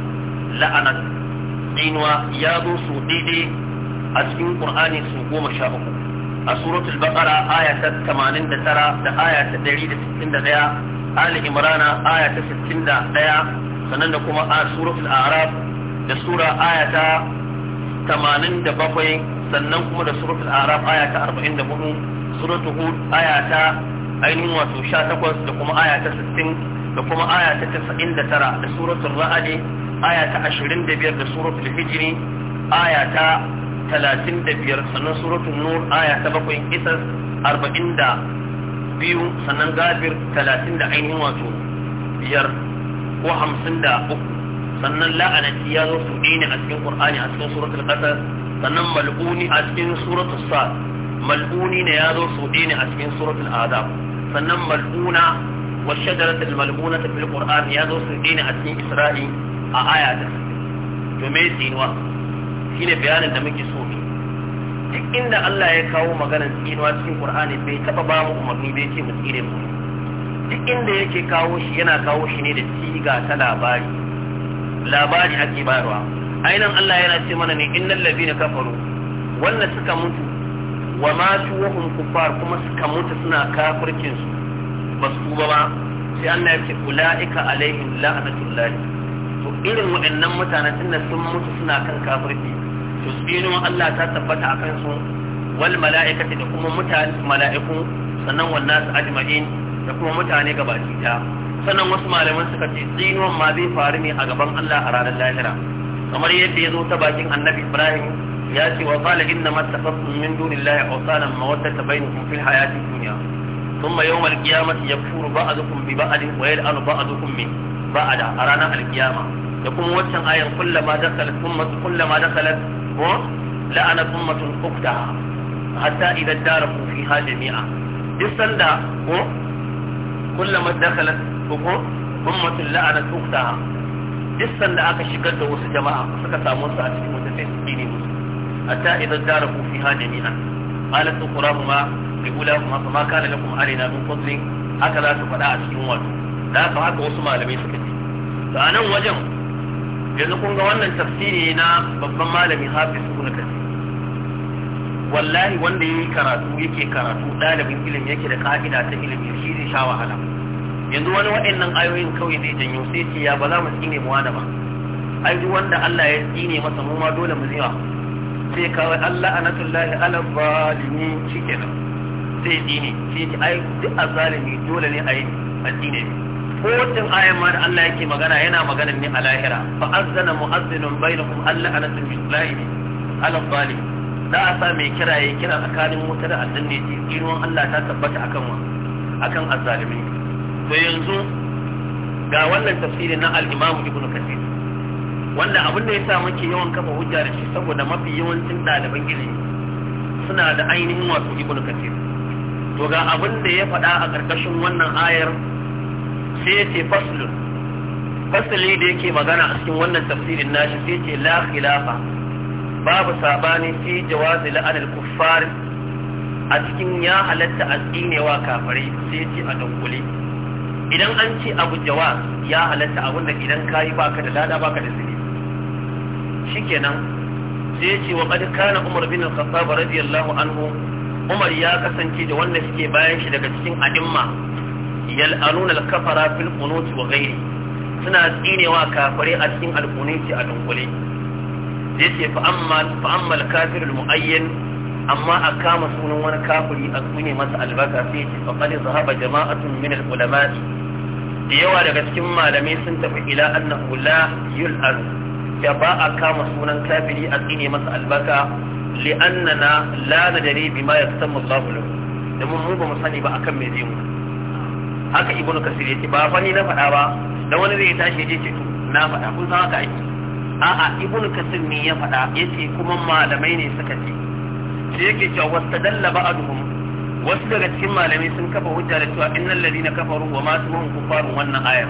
la'ana dinuwa ya zo su daidai a cikin qur'ani su goma sha uku a suratul baqara aya ta 89 da aya ta 161 ali imrana aya ta 61 sannan da kuma a suratul a'raf da sura aya ta 87 sannan kuma da suratul araf aya ta 44 suratul hud aya ta ainihin wato 18 da kuma aya ta 60 da kuma aya ta 99 da suratul ra'd aya ta 25 da suratul hijri aya ta 35 sannan suratul nur aya ta 7 isas 42 sannan gafir 30 da ainihin wato 5 ko 53 sannan la'anati ya zo su ne a cikin qur'ani a cikin suratul qasas sannan mal'uni a cikin suratul sa mal'uni ne ya zo so ne a cikin suratul azab sannan mal'una wa shajaratul mal'una ta fil qur'an ya zo so ne a cikin isra'i a aya ta to me tsinuwa shine bayanin da muke so duk inda Allah ya kawo maganar tsinuwa cikin qur'ani bai taba ba mu umarni bai ce mu tsire mu duk inda yake kawo shi yana kawo shi ne da siga ta labari labari ake bayarwa ainihin Allah yana ce mana ne innal ladina kafaru Wannan suka mutu wa matu wa hum kuma suka mutu suna kafircin su ba su tuba ba sai Allah ya ce ulaika alaihim la'natullah to irin waɗannan mutanen tunda sun mutu suna kan kafirci to tsinuwa Allah ta tabbata a akan su wal mala'ikati da kuma mutane mala'iku sannan wannan su ajma'in da kuma mutane gabaki ta sannan wasu malaman suka ce tsinuwan ma zai faru ne a gaban Allah a ranar lahira kamar yadda ya zo ta bakin annabi ibrahim ya ce wa qala inna ma tafassun min dunillahi awsanan mawaddata bainakum fil hayati dunya thumma yawm al-qiyamati yakfuru ba'dukum bi ba'din wa yal'anu ba'dukum min ba'da a ranar al-qiyama da kuma waccan ayar kullama dakhalat ummatu kullama dakhalat wa la'anat ummatun ukhtaha hatta idza daraku fiha jami'a duk sanda ko kullama dakhalat ko ummatun la'anat ukhtaha duk sanda aka shigar da wasu jama'a suka samu su a cikin wata sai su tsine musu hatta idan dara ku fi ha jami'an qalat uqrahuma li ulahuma fa ma kana lakum alaina min fadlin haka za su faɗa a cikin wato da ka haka wasu malamai suka ce to a nan wajen yanzu kun ga wannan tafsiri na babban malami hafiz ibn Kathir wallahi wanda yake karatu yake karatu ɗalibin ilimi yake da ka'ida ta ilimi shi ne sha wahala yanzu wani waɗannan ayoyin kawai zai janyo sai ce ya ba za mu tsine mu wani ba ai duk wanda Allah ya tsine masa mu ma dole mu zira sai kawai Allah anatullahi ala zalimin shikenan sai tsine sai ce ai duk azalimi dole ne a yi addini ko wannan ayan ma da Allah yake magana yana magana ne a lahira fa azzana mu'azzinun bainakum Allah anatullahi ala zalimin da a sa mai kira ya kira tsakanin wuta da aljanna ce tsinuwan Allah ta tabbata akan wa akan azzalimi to yanzu ga wannan tafsirin na al-Imam Ibn Kathir wanda abin da yasa muke yawan kafa hujja da shi saboda mafi yawancin ɗaliban ilimi suna da ainihin wato Ibn Kathir to ga abin da ya faɗa a ƙarƙashin wannan ayar sai ya ce faslun fasali da yake magana a cikin wannan tafsirin nashi sai ce la khilafa babu sabani fi jawazi la'anil kuffar a cikin ya halatta azine wa kafare sai ce a dunkule idan an ce abu jawa ya halatta abin da idan ka yi baka da lada baka da zubi shikenan sai ce wa qad kana umar bin al-khattab radiyallahu anhu umar ya kasance da wanda suke bayan shi daga cikin a'imma yal'anuna al-kafara fil qunut wa ghairi suna tsinewa kafare a cikin al-qunuti a dunkule sai ce fa amma fa amma al-kafir al-mu'ayyan amma a kama sunan wani kafiri a tsune masa albarka sai ce fa qad zahaba jama'atun min al-ulama da yawa daga cikin malamai sun tafi ila annahu la yul'an Da ba a kama sunan kafiri a tsine masa albarka li'annana la nadari bima yaktamu Allah lahu da mun mu ba mu sani ba akan me zai mu haka ibnu kasir yace ba fa na faɗa ba Da wani zai tashi yace to na faɗa kun san haka ake a'a ibnu kasir ne ya faɗa yace kuma malamai ne suka ce sai yake cewa wastadalla ba'duhum wasu daga cikin malamai sun kafa hujja da cewa innal ladina kafaru wa ma suwahum kuffarun wannan ayar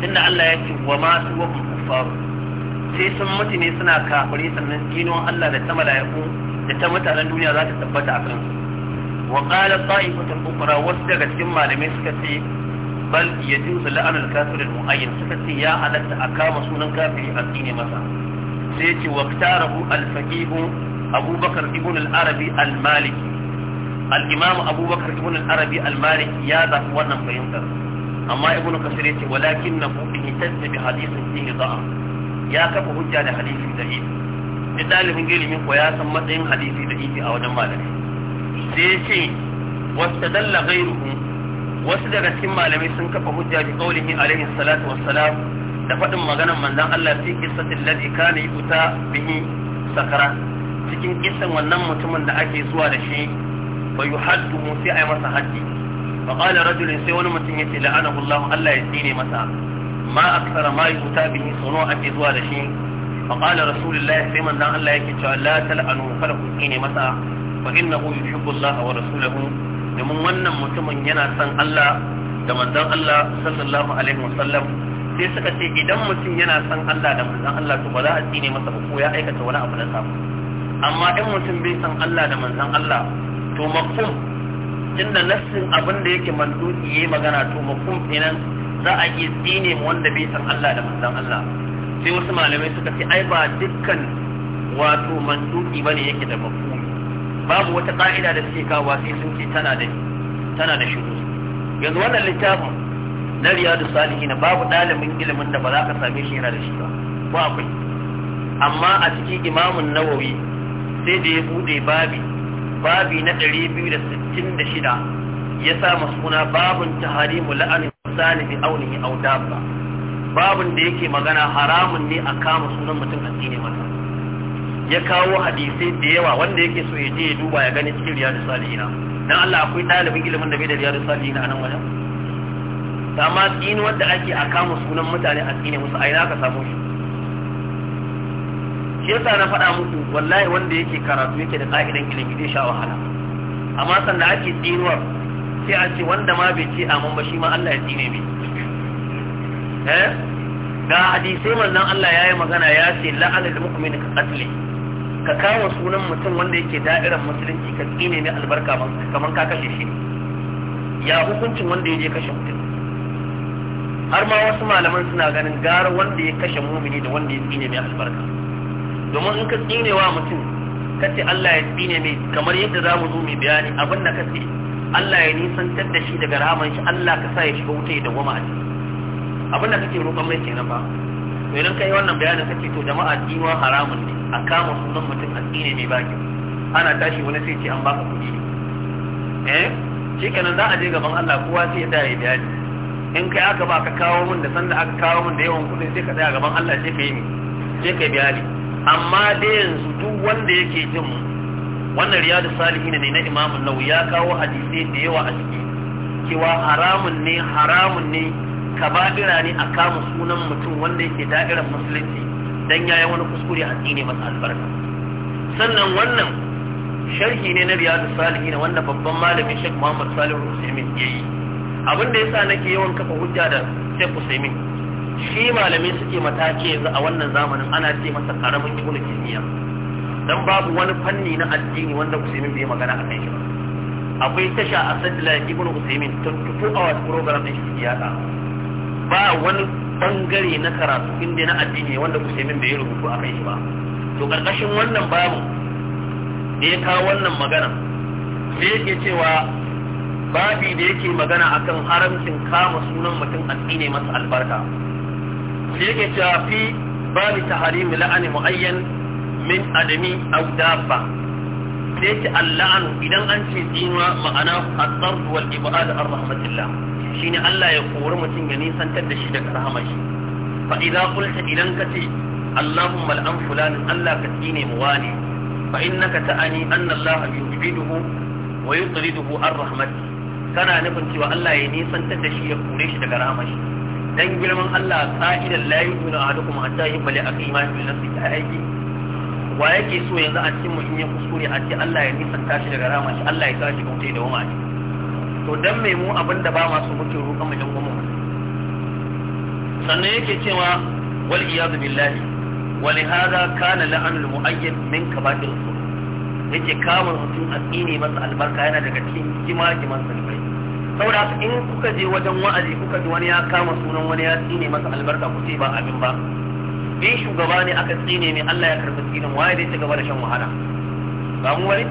tunda Allah ya ce wa ma suwahum kuffarun sai sun mutu ne suna kafire sannan dinon Allah da ta mala'iku da ta mutanen duniya za ta tabbata a kansu wa qala ta'ifatul ukhra wasu daga cikin malamai suka ce bal yajuzu la'anul kafir al-mu'ayyan suka ce ya halatta a kama sunan kafiri a tsine masa sai ce waqtarahu al-faqih abubakar ibn al-arabi al-maliki abubakar ibn al-arabi ya zafi wannan fahimtar amma ibn kasir yace walakin na buɗe tajja bi hadisin fihi ya kafa hujja da hadisi da ibi duk dalibin ilimin ya san matsayin hadisi da ibi a wajen malami sai yace wastadalla ghayruhu wasu daga cikin malamai sun kafa hujja bi qaulihi salatu wassalam da faɗin maganar manzon Allah fi qissatil ladhi kana yuta bihi sakara cikin kisan wannan mutumin da ake zuwa da shi yi fa mu sai a yi masa haddi fa qala rajulin sai wani mutum yace la'anahu Allah Allah ya tsine masa ma aksara ma yuta bihi suno ake zuwa da shi fa qala rasulullahi sai manzon Allah yake cewa la tal'anu kada ku tsine masa fa innahu yuhibbu Allah wa rasuluhu domin wannan mutumin yana son Allah da manzon Allah sallallahu alaihi wa sallam, sai suka ce idan mutum yana son Allah da manzon Allah to ba za a tsine masa ba ko ya aikata wani abu na samu. amma in mutum bai san Allah da manzon Allah to mafhum inda nassin abin da yake manduki yayi magana to mafhum kenan za a iya mu wanda bai san Allah da manzon Allah sai wasu malamai suka ce ai ba dukkan wato manduki bane yake da mafhum babu wata ka'ida da suke kawo sai sun ce tana da tana da shuru yanzu wannan littafin na riyadu salihin babu ɗalibin ilimin da ba za ka same shi yana da shi ba ko akwai amma a cikin imamun nawawi sai da ya bude babi babi na 266 ya sa suna babun taharimu la'anin sani bi aunihi au dabba babun da yake magana haramun ne a kama sunan mutum a tsine mata ya kawo hadisai da yawa wanda yake so ya je ya duba ya gani cikin riyadu salihina dan Allah akwai ɗalibin ilimin da bai da riyadu salihina a nan wajen amma tsini wanda ake a kama sunan mutane a tsine musu a ina ka samu shi shi yasa na faɗa muku wallahi wanda yake karatu yake da ƙa'idan ilimi zai sha wahala amma sanda ake tsinuwar sai a ce wanda ma bai ce amin ba shi ma Allah ya tsine mai eh ga hadisai manzon Allah ya yi magana ya ce la'anal mu'min ka qatli ka kawo sunan mutum wanda yake da'irar musulunci ka tsine mai albarka kamar ka kashe shi ya hukuncin wanda ya je kashe mutum har ma wasu malaman suna ganin gara wanda ya kashe mumini da wanda ya tsine mai albarka domin in ka tsine wa mutum ka ce Allah ya tsine mai kamar yadda za mu zo mai bayani abin da ka ce Allah ya nisan da shi daga rahaman shi Allah ka sa ya shiga wuta ya dawwama a ciki abin da kake roƙon mai kenan ba to idan kai wannan bayanin ce to jama'a tsinuwa haramun ne a kama sunan mutum a tsine mai baki ana tashi wani sai ce an baka kuɗi eh kenan za a je gaban Allah kowa sai ya tsaya bayani in kai aka ba ka kawo min da sanda aka kawo min da yawan kuɗin sai ka tsaya gaban Allah sai ka yi sai ka bayani amma da yanzu duk wanda yake jin wannan riyadu salihin ne na imamun nau ya kawo hadisai da yawa a ciki cewa haramun ne haramun ne ka ba ne a kama sunan mutum wanda yake da'irar musulunci dan yayi wani kuskure a tsine masa albarka sannan wannan sharhi ne na riyadu salihin wanda babban malamin shek Muhammad Salihu Usaimin yi. abin da sa nake yawan kafa hujja da shek Usaimin shi malamai suke matake yanzu a wannan zamanin ana ce masa karamin ibnu kimiyya. dan babu wani fanni na addini wanda musulmi bai magana a kai ba akwai tasha a sadila ibnu usaimin tun tutu a wasu program din shi siyasa ba wani bangare na karatu inda na addini wanda musulmi bai rubutu a kai shi ba to karkashin wannan babu da ya kawo wannan magana sai yake cewa babi da yake magana akan haramcin kama sunan mutum addini masa albarka sai yake cewa fi babu taharim la'ani muayyan min adami aw dabba sai ce al'anu idan an ce tsinuwa ma'ana at-tard wal ibad ar rahmatillah shine Allah ya kori mutum ya nisantar da shi daga rahama shi fa idza qulta idan ce? Allahumma al'an fulan Allah ka tsine mu wani fa innaka ta'ani anna Allah yubiduhu wa yutriduhu ar rahmat kana nufin cewa Allah ya nisantar da shi ya kore shi daga rahama shi dan girman Allah qa'idan la yu'minu ahadukum hatta yuhibba li akhihi ma yuhibbu nafsi ta aiki wa yake so yanzu a cikin mutum ya kuskure a ce Allah ya nisanta shi daga rama shi Allah ya tashi kautai da wama to dan me mu abin da ba ma su muke roƙon mu dan goma sannan yake cewa wal iyadu billahi wa li hada kana la'anul mu'ayyad min kaba'ir yake kawo mutum a tsine masa albarka yana daga cikin kima kiman sanin saboda in kuka je wajen wa'azi kuka ji wani ya kama sunan wani ya tsine masa albarka ku ce ba abin ba Bi shugaba ne aka tsine ne Allah ya karɓi tsinin waye zai ci gaba da shan wahala ba mu wani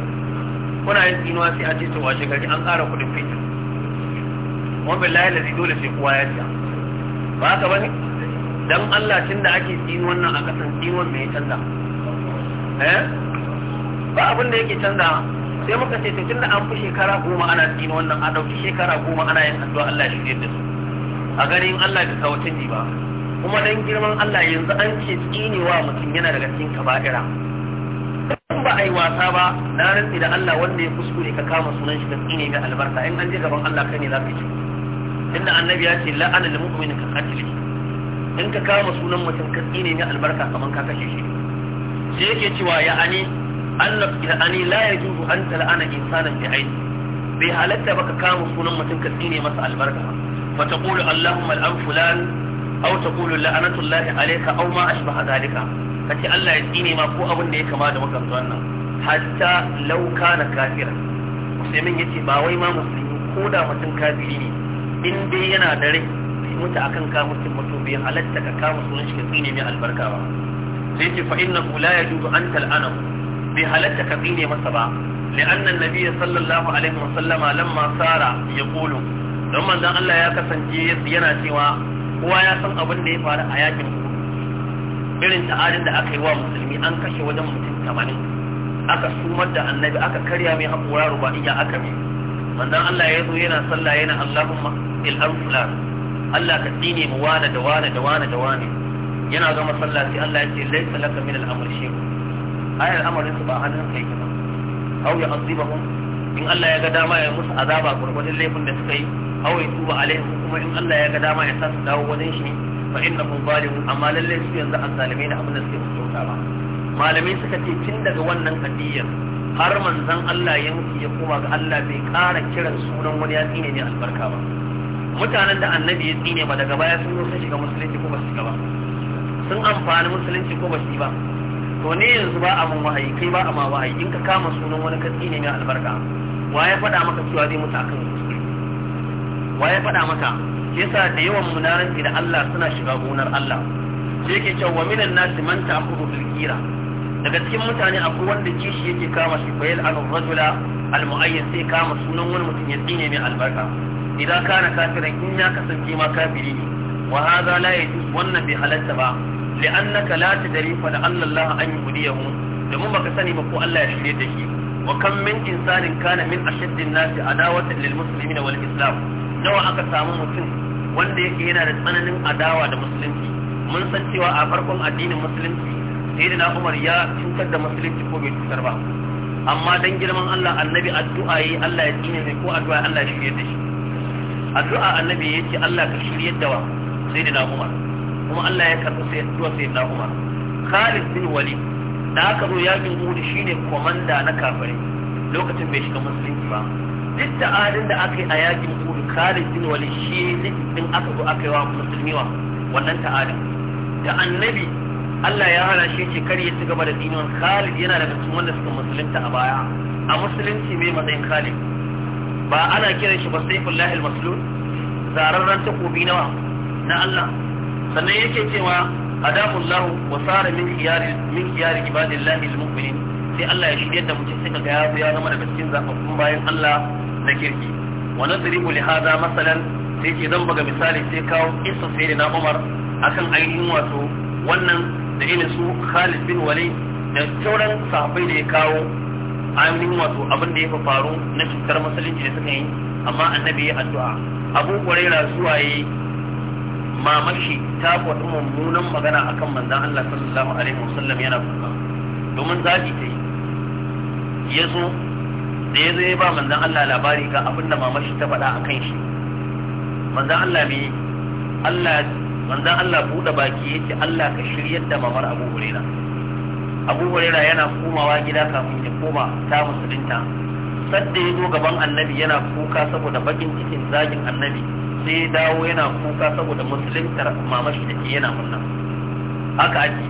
kuna yin tsinuwa sai a ce to washe gari an ƙara kuɗin fetur kuma billahi lazi dole sai kowa ya ci ba haka bane dan Allah tun da ake tsinuwan nan a kasan tsinuwan mai canza eh ba abin da yake canza sai muka ce tun da an fi shekara goma ana cikin wannan a ɗauki shekara goma ana yin addu'a Allah shi da su a ganin Allah bai kawo canji ba kuma dan girman Allah yanzu an ce tsinewa mutum yana daga cikin kaba'ira in ba a yi wasa ba na rantsi da Allah wanda ya kuskure ka kama sunan shi ka tsine mai albarka in an je gaban Allah kai ne za ka ci inda annabi ya ce la'ana lil mu'min ka qatili in ka kama sunan mutum ka tsine mai albarka kaman ka kashe shi sai yake cewa ya ani annab ani la yajuzu an tal'ana insanan bi aini bai halatta baka kama sunan mutum ka tsine masa albarka fa taqulu allahumma al'an fulan aw taqulu la'anatullahi alayka aw ma ashbaha dhalika kace Allah ya tsine ma ko abin da ya kama da maka wannan hatta law kana kafira musulmin yace ba wai ma musulmi ko da mutum kafiri ne in dai yana da rai mutu akan ka mutum mutum bai halatta ka kama sunan shi ka tsine mai albarka ba sai ce fa innahu la yajuzu an tal'anahu bai halatta ka tsine masa ba لأن النبي صلى الله عليه وسلم لما صار يقول لما أن الله يكسن جيس يناتيوا هو يسن أبن دي فار آيات irin ta'adin da aka yi wa musulmi an kashe wajen mutum tamanin aka sumar da annabi aka karya mai haƙura ruba'iyya aka mai manzon Allah ya zo yana sallah yana Allahumma il anfulan Allah ka tsine mu wane da wane da wane da wane yana zama sallah sai Allah ya ce laisa laka min al-amr shay'un ai al'amarin su ba hannun kai ba au ya hum in Allah ya ga dama ya musu azaba gurgurdan laifin da suka yi au ya tuba alaihim kuma in Allah ya ga dama ya sa su dawo wajen shi fa innahum zalimun amma lalle su yanzu an azzalimai da abin da suke mutunta ba malamai suka ce tun daga wannan kadiyar har manzon Allah ya mutu ya koma ga Allah bai ƙara kiran sunan wani ya tsine ne albarka ba mutanen da annabi ya tsine ba daga baya sun zo sun shiga musulunci ko ba su shiga ba sun amfani musulunci ko ba su yi ba to ne yanzu ba a mun wahayi kai ba a ma wahayi in ka kama sunan wani katsi ne mai albarka wa ya faɗa maka cewa zai mutu akan kuskure wa ya faɗa maka yasa da yawan munaran da Allah suna shiga gonar Allah sai yake cewa minan nasi man ta'khudhu bil qira daga cikin mutane akwai wanda kishi yake kama shi bayal an rajula al mu'ayyan sai kama sunan wani mutum ya tsine mai albarka idan kana kafirin in ya kasance ma kafiri ne wa hadha la yajuz wannan bai halatta ba li'annaka la tadri fa la'alla Allah an yuhdiyahu domin baka sani ba ko Allah ya shirya da shi wa kam min insanin kana min ashaddin nasi adawatan islam nawa aka samu mutum wanda yake yana da tsananin adawa da musulunci mun san cewa a farkon addinin musulunci na Umar ya cutar da musulunci ko bai cutar ba amma dan girman Allah annabi addu'a yi Allah ya tsine mai ko addu'a Allah ya shirye da shi addu'a annabi yace Allah ka shirye da wa sayyidina Umar kuma Allah ya karɓi sai zuwa sai na Umar Khalid bin Wali da aka zo yakin Uhud shine komanda na kafare lokacin bai shiga musulunci ba duk da adin da aka yi a yakin Uhud Khalid bin Wali shi ne din aka zo aka yi wa musulmi wa wannan ta'adin da annabi Allah ya hana shi ce kar ya ci gaba da dinin Khalid yana daga cikin wanda suka musulunta a baya a musulunci mai matsayin Khalid ba ana kiran shi ba sai kullahi al-maslul zararran takobi nawa na Allah sannan yake cewa adamu Allah wa sara min khiyari min khiyari ibadillahi almu'minin sai Allah ya shirye da mutum sai kaga ya zo ya zama daga cikin zababbun bayan Allah na kirki wa nadribu li hada masalan sai ke zan buga misali sai kawo isa sai na Umar akan ainihin wato wannan da irin su Khalid bin Walid da sauran sahabbai da ya kawo ainihin wato abin da ya faru na cutar musulunci da suka yi amma annabi ya addu'a abu ƙwarera yi. mamar ta faɗi mummunan magana akan manzon Allah sallallahu alaihi wasallam yana kuka domin zabi ta yi ya zo da ya zo ya ba manzon Allah labari ga abin da mamar ta faɗa a kan shi manzon Allah me Allah manzon Allah buɗe baki yace Allah ka shiryar da mamar Abu Huraira Abu Huraira yana komawa gida kafin ya koma ta musulunta sadda ya zo gaban annabi yana kuka saboda bakin cikin zagin annabi sai dawo yana kuka saboda musuluntar mamashi da ke yana murna haka ake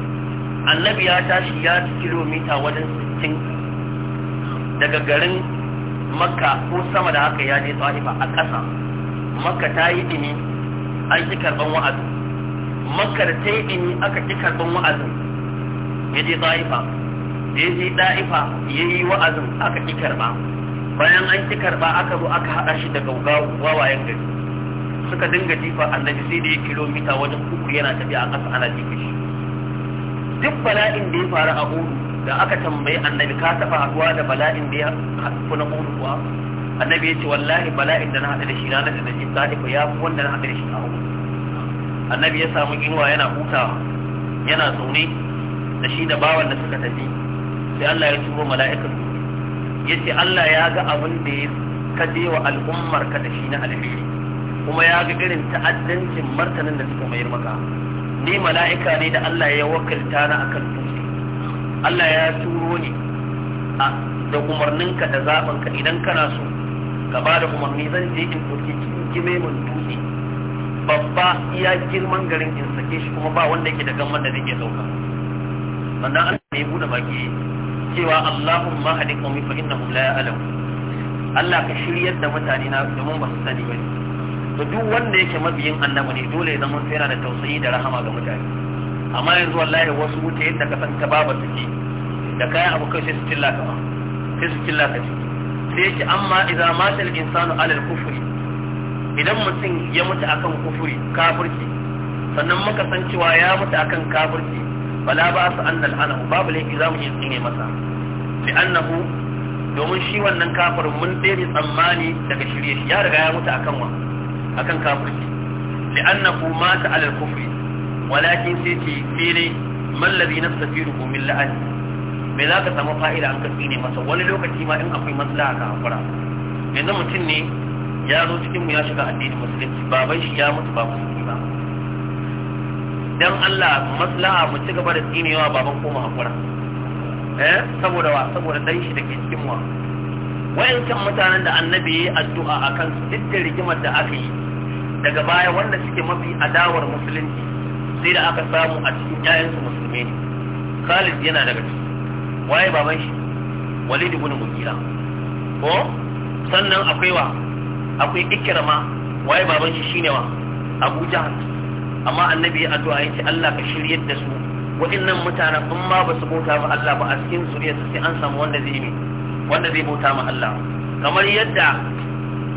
annabi ya tashi ya ci kilomita wajen 60 daga garin makka ko sama da haka ya je tsahifa a ƙasa makka ta yi ɗini an ƙi karɓan wa'azi makka da ta yi ɗini aka ƙi karɓan wa'azin ya je tsahifa da ya je ɗa'ifa ya yi wa'azin aka ƙi karɓa bayan an ƙi karɓa aka zo aka haɗa shi daga wawayen gari suka dinga jifa annabi sai da ya kilomita wajen uku yana tafiya a ƙasa ana jifa shi duk bala'in da ya faru a hudu da aka tambayi annabi ka taɓa haɗuwa da bala'in da ya haɗu na hudu kuwa annabi ya ce wallahi bala'in da na haɗu da shi ranar da shi je ta'ifa ya fi wanda na haɗu da shi a hudu annabi ya samu inuwa yana hutawa yana zaune da shi da bawan da suka tafi sai Allah ya turo mala'ikan ya ce Allah ya ga abin da ya kaje wa al'ummar ka da shi na alheri kuma ya ga irin ta'addancin martanin da suka mayar maka ni mala'ika ne da Allah ya wakilta na akan dutse Allah ya turo ni da umarninka da zaɓinka idan kana so ka ba da umarni zan je in kurki kime mun dutse babba ya girman garin in sake shi kuma ba wanda ke da gamman da zai sauka sannan Allah ya bude baki cewa Allahumma hadi qaumi fa innahum la ya'lamun Allah ka shiryar da mutane na domin ba su sani bane to duk wanda yake mabiyin annabi ne dole ya zama yana da tausayi da rahama ga mutane amma yanzu wallahi wasu wuce yadda ka san ta baba suke da kayan abu kai sai su cillaka ma sai su cillaka ce sai yake amma idza mata al-insanu ala kufuri, idan mutum ya mutu akan kufuri kafirci sannan muka san cewa ya mutu akan kafirci bala ba su an dal'anahu babu laifi za mu yi tsine masa li'annahu domin shi wannan kafirin mun tsere tsammani daga shirye shi ya riga ya mutu akan wa akan kafirci li'annahu mata ala al-kufri walakin sai ce fere mallazi nastafiruhu min la'an me za ka samu fa'ida an katsi ne masa wani lokaci ma in akwai maslaha ka hakura yanzu mutum ne ya zo cikin mu ya shiga addinin musulunci baban shi ya mutu ba musulmi ba dan Allah maslaha mu ci gaba da tsinewa baban koma mu hakura eh saboda wa saboda dan shi dake cikin mu wayancan mutanen da annabi ya yi addu'a akan duk da rigimar da aka yi daga baya wanda suke mafi adawar musulunci sai da aka samu a cikin ƴaƴansu musulmi ne Khalid yana daga ciki waye baban shi Walid ibn Mughira ko sannan akwai wa akwai Ikrama waye baban shi shine wa Abu Jahl amma annabi ya addu'a yace Allah ka shiryar da su waɗannan mutanen in ma ba su bauta ma Allah ba a cikin zuriyarsa sai an samu wanda zai ne wanda zai bauta ma Allah kamar yadda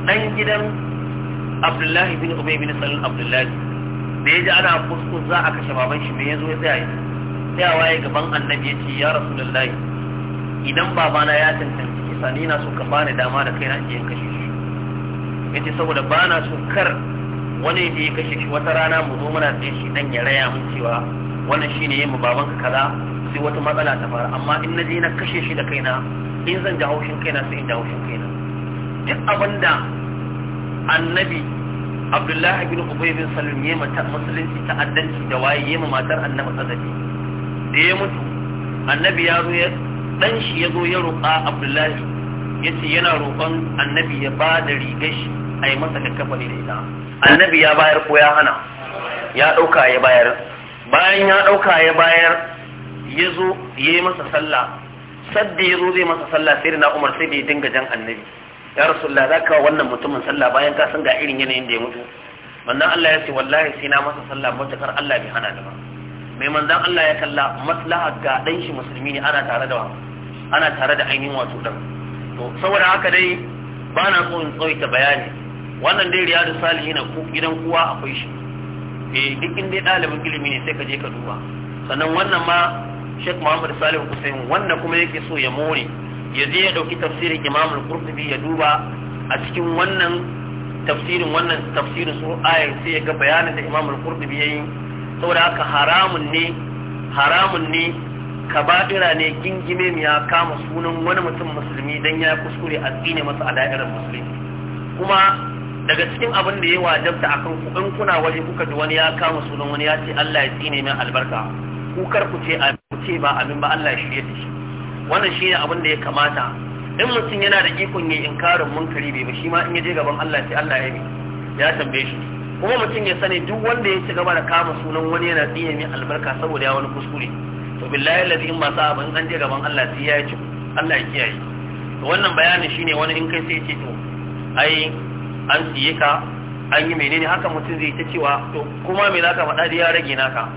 dan gidan abdullahi bin ubay bin salul abdullahi da ya ji ana kuskus za a kashe baban shi me ya zo ya tsaya tsayawa ya gaban annabi ya ce ya rasulullahi idan babana ya tantance kisa ni na so ka bani dama da kaina in kashe shi yace saboda na so kar wani da ya kashe shi wata rana mu zo muna tsaye shi dan ya raya mun cewa wannan ne yin mu babanka kaza sai wata matsala ta faru amma in na je na kashe shi da kaina in zan ja haushin kaina sai in ji haushin kaina duk abinda annabi abdullahi bin ubay bin salim yema ta musulunci ta addanci da waye yema matar annabi sadaki da ya mutu annabi ya zo ya dan shi ya zo ya roƙa abdullahi yace yana roƙon annabi ya ba da rigar shi a yi masa kakkafani da ita annabi ya bayar ko ya hana ya ɗauka ya bayar bayan ya ɗauka ya bayar ya zo ya yi masa sallah sadda ya zo zai masa sallah sai da na umar sai da ya dinga jan annabi ya rasulullah za ka wannan mutumin sallah bayan ka san ga irin yanayin da ya mutu Wannan Allah ya ce wallahi sai na masa sallah matakar Allah bai hana da ba mai manzan Allah ya kalla maslaha ga dan shi musulmi ne ana tare da ana tare da ainihin wato dan to saboda haka dai ba na so in tsawaita bayani wannan dai riyadu salihin ko gidan kowa akwai shi eh duk inda ɗalibin ilimi ne sai ka je ka duba sannan wannan ma Sheikh Muhammad Salihu Hussein wannan kuma yake so ya more ya je ya ɗauki tafsirin Imam al-Qurtubi ya duba a cikin wannan tafsirin wannan tafsirin su ayar sai ya ga bayanin da Imam al-Qurtubi yi saboda haka haramun ne haramun ne kaba'ira ne gingime mu ya kama sunan wani mutum musulmi dan ya kuskure a tsine masa a da'irar musulmi kuma daga cikin abin da ya wajabta akan ku in kuna waje kuka da wani ya kama sunan wani ya ce Allah ya tsine min albarka ku kar ku ce a ce ba amin ba Allah ya shirye shi wannan shine abin da ya kamata in mutum yana da ikon yin inkarin munkari bai shi ma in ya je gaban Allah sai Allah ya ya tambaye shi kuma mutum ya sani duk wanda ya ci gaba da kama sunan wani yana tsiye mai albarka saboda ya wani kuskure to billahi allazi in ba sa abin an je gaban Allah sai ya ci Allah ya kiyaye to wannan bayanin shine wani in kai sai ya ce to ai an tsiye ka an yi menene haka mutum zai ta cewa to kuma me zaka faɗa da ya rage naka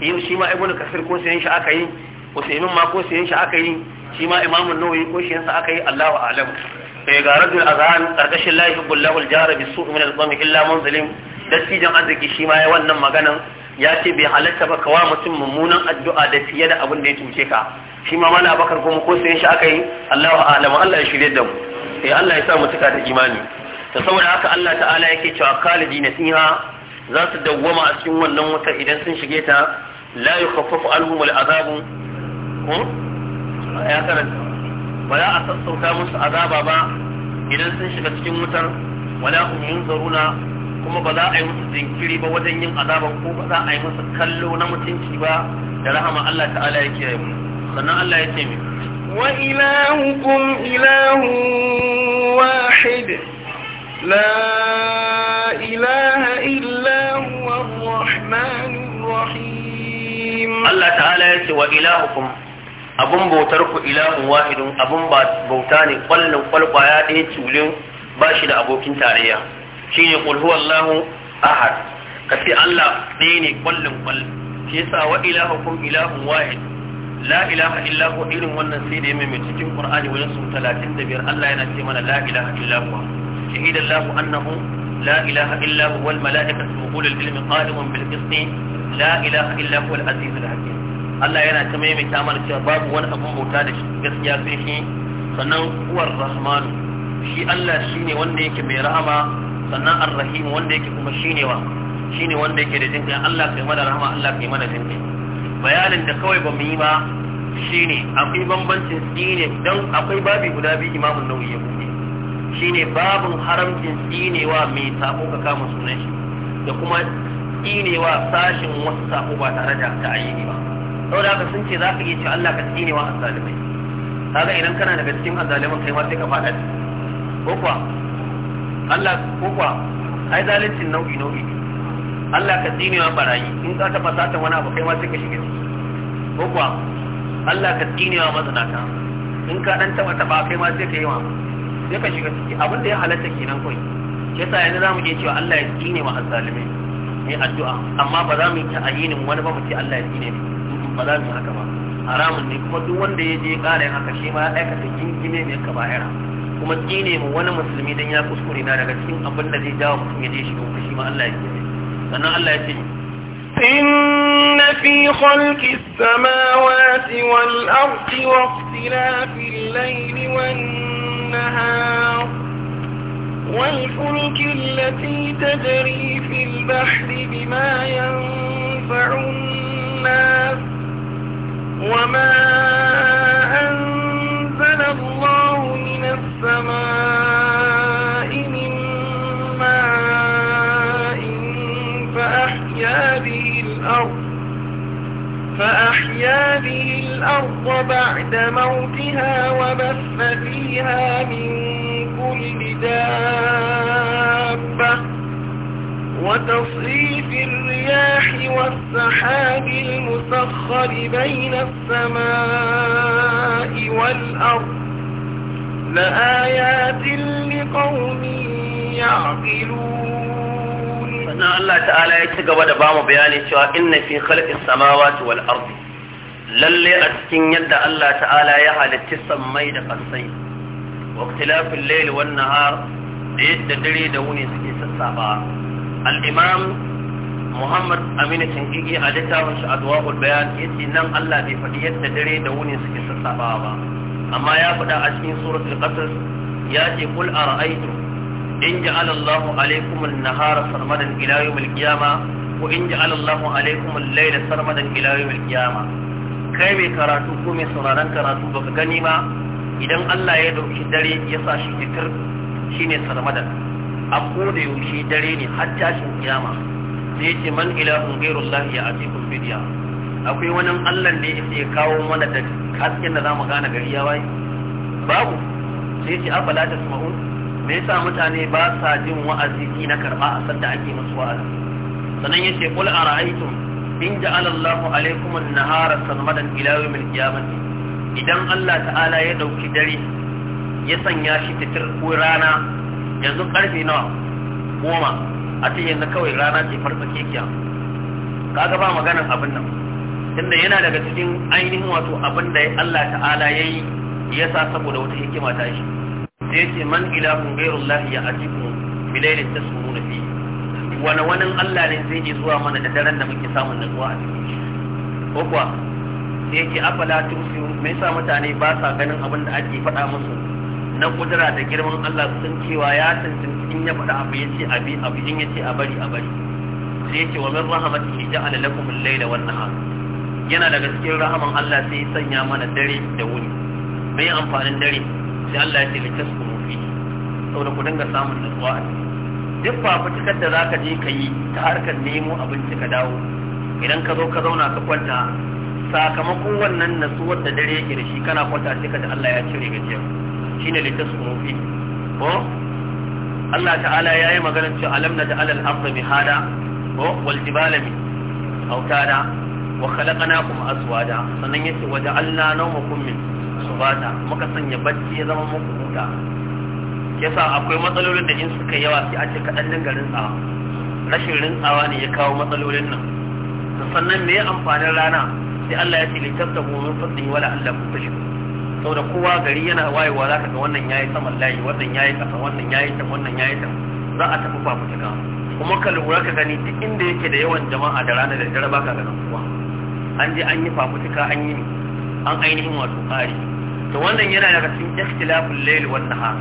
yau shi ma ibnu kasir ko sayan shi aka yi usaimin ma ko sayen shi aka yi shi ma imamun nawawi ko sa aka yi Allahu a'lam sai eh, ga rajul azan karkashin la yuhibbul aljara al min al illa man dattijan arziki shi ma ya wannan maganan ya ce bai halatta ba kawa mutum mummunan addu'a da fiye da abin da ya cuce ka shi ma mana bakar kuma ko sayen shi aka yi Allahu a'lam Allah ya shirye da mu sai eh, Allah ya sa mu tuka da imani to saboda haka Allah ta'ala yake cewa khalidina fiha za su dawwama a cikin wannan wutar idan sun shige ta la yukhaffafu anhum al'azabu ya karanta ba za a sassauta musu azaba ba idan sun shiga cikin wutar wala hum yunzaruna kuma ba za a yi musu jinkiri ba wajen yin azaban ko ba za a yi musu kallo na mutunci ba da rahama Allah ta'ala ya kiyaye mu sannan Allah ya ce mi wa ilahukum ilahu wahid la ilaha illa huwa ar-rahmanur rahim Allah ta'ala ya ce wa ilahukum abun bautar ku ilahun wahidun abun bauta ne kwallon kwalkwaya ɗaya tulin ba shi da abokin tarayya shi ne ƙulhu Allah? ahad ka ce Allah ɗaya ne kwallon kwallon. Ke sa wa ilahukum ilahun wahid la ilaha illa hu irin wannan sai da ya mai cikin qur'ani wajen su 35 Allah yana ce mana la ilaha illa hu shahidallahu annahu لا إله إلا هو الملائكة وقول العلم قائم بالقسط لا إله إلا هو العزيز الحكيم Allah yana ta maimaita mana cewa babu wani abun bauta da shi gaskiya sai shi sannan uwar rahmanu shi Allah shine wanda yake mai rahama sannan ar-rahim wanda yake kuma shine wa shine wanda yake da jinkai Allah kai mana rahama Allah kai mana jinkai bayanin da kawai ba mu yi ba shine akwai bambancin tsine dan akwai babi guda biyu imamun nawawi ya buɗe shine babun haramcin tsinewa mai sako ka kama sunan shi da kuma tsinewa sashin wasu sako ba tare da ta ayyuka ba saboda haka sun ce za ka iya ci Allah ka tsine wa azzalimai kaga idan kana daga cikin azzaliman kai ma sai ka faɗa ko kuwa Allah ko kuwa ai zalincin nau'i nau'i Allah ka tsine wa barayi in ka taɓa satan wani abu kai ma sai ka shiga ciki ko kuwa Allah ka tsine wa mazinata in ka dan taɓa taɓa kai ma sai ka yi wa sai ka shiga ciki abin da ya halatta kenan kawai sa yanzu za mu iya cewa Allah ya tsine wa azzalimai mai addu'a amma ba za mu yi ta'ayinin wani ba mu ce Allah ya tsine ni. ba za su haka ba haramun ne kuma duk wanda ya je ƙara haka shi ma ya aikata gingime mai kaba'ira kuma tsine mu wani musulmi dan ya kuskure na daga cikin abin da zai jawo mutum ya je shi kuma shi ma Allah ya kiyaye sannan Allah ya ce إن في خلق السماوات والأرض واختلاف الليل والنهار والفلك التي تجري في البحر بما ينفع الناس الناس وما أنزل الله من السماء من ماء فأحيا به الأرض فأحيا به الأرض بعد موتها وبث فيها من كل دابة وتصريف الرياح والسحاب المسخر بين السماء والأرض لآيات لقوم يعقلون فإن الله تعالى يتقوى دبام بياني شوى إن في خلق السماوات والأرض للي أتكين يد الله تعالى يحل التسمي دقصي واختلاف الليل والنهار da yadda dare da wuni al muhammad aminu tankigi a littafin shi adwahul bayan yace nan Allah bai faɗi yadda dare da wuni suke sassafawa ba amma ya faɗa a cikin suratul qasas ya ce kul ara'aytum in ja'ala Allahu alaykum nahara sarmadan ila yawm al-qiyamah wa in ja'ala Allahu alaykum al sarmadan ila yawm al kai mai karatu ko mai sauraron karatu baka gani ma idan Allah ya dauki dare ya sa shi fitar shine sarmadan a koda yaushe dare ne har tashin kiyama sai ce man ilahun ghairullahi ya atikum bidiya akwai wani Allah da ya kawo mana da hasken da zamu gane gari ya waye babu sai ce ta tasma'un me yasa mutane ba sa jin wa'azi na karba a sanda ake musu wa'azi sanan yace qul ara'aytum in ja'ala Allahu alaykum an-nahara sarmadan ila yawm al-qiyamah idan Allah ta'ala ya dauki dare ya sanya shi fitir ko rana yanzu karfe nawa goma a ce yanzu kawai rana ce Ka kaga ba maganar abin nan tunda yana daga cikin ainihin wato abin da Allah ta'ala ya yi ya sa saboda wata hikima ta shi sai ce, man ilahun ghairullahi ya ajibu bilailin tasmuna fi wani wani Allah ne zai je zuwa mana da daren da muke samun nutsuwa a cikin shi ko kuwa sai ke afala tusiru me sa mutane ba sa ganin abin da ake faɗa musu na kudura da girman Allah sun cewa ya tantance in ya faɗa abu ya ce abi abu in ya ce a bari a bari sai yake wa min rahmatihi ja'ala lakum al-layla wan nahar yana daga cikin rahaman Allah sai ya sanya mana dare da wuni mai amfanin dare sai Allah ya ce li tasqumu fi saboda ku dinga samun nutsuwa duk fafutukar da zaka je ka yi ta harkar nemo abinci ka dawo idan ka zo ka zauna ka kwanta sakamakon wannan nutsuwar da dare yake da shi kana kwanta sai ka da Allah ya cire gajiyar shine litaskunu fi ko Allah ta'ala yayi maganar cewa alam naj'al al-ardha mihada ko wal jibala bi awtada wa khalaqnakum aswada sannan yace wa ja'alna nawmakum min subata muka sanya bacci ya zama muku huta yasa akwai matsalolin da in suka yawa sai a ce kaɗan din garin tsawa rashin rintsawa ne ya kawo matsalolin nan sannan me amfanin rana sai Allah ya ce littattafu min fadli wala allakum tashkurun Sau da kowa gari yana wayewa za ka ga wannan ya yi saman layi wannan ya yi ƙasa, wannan ya yi can wannan ya yi can za a tafi fafutuka kuma ka lura ka gani duk inda yake da yawan jama'a da ranar da dare baka ganin kowa an je an yi fafutuka an yi an ainihin wato kari to wannan yana daga cikin ikhtilaful layl wan nahar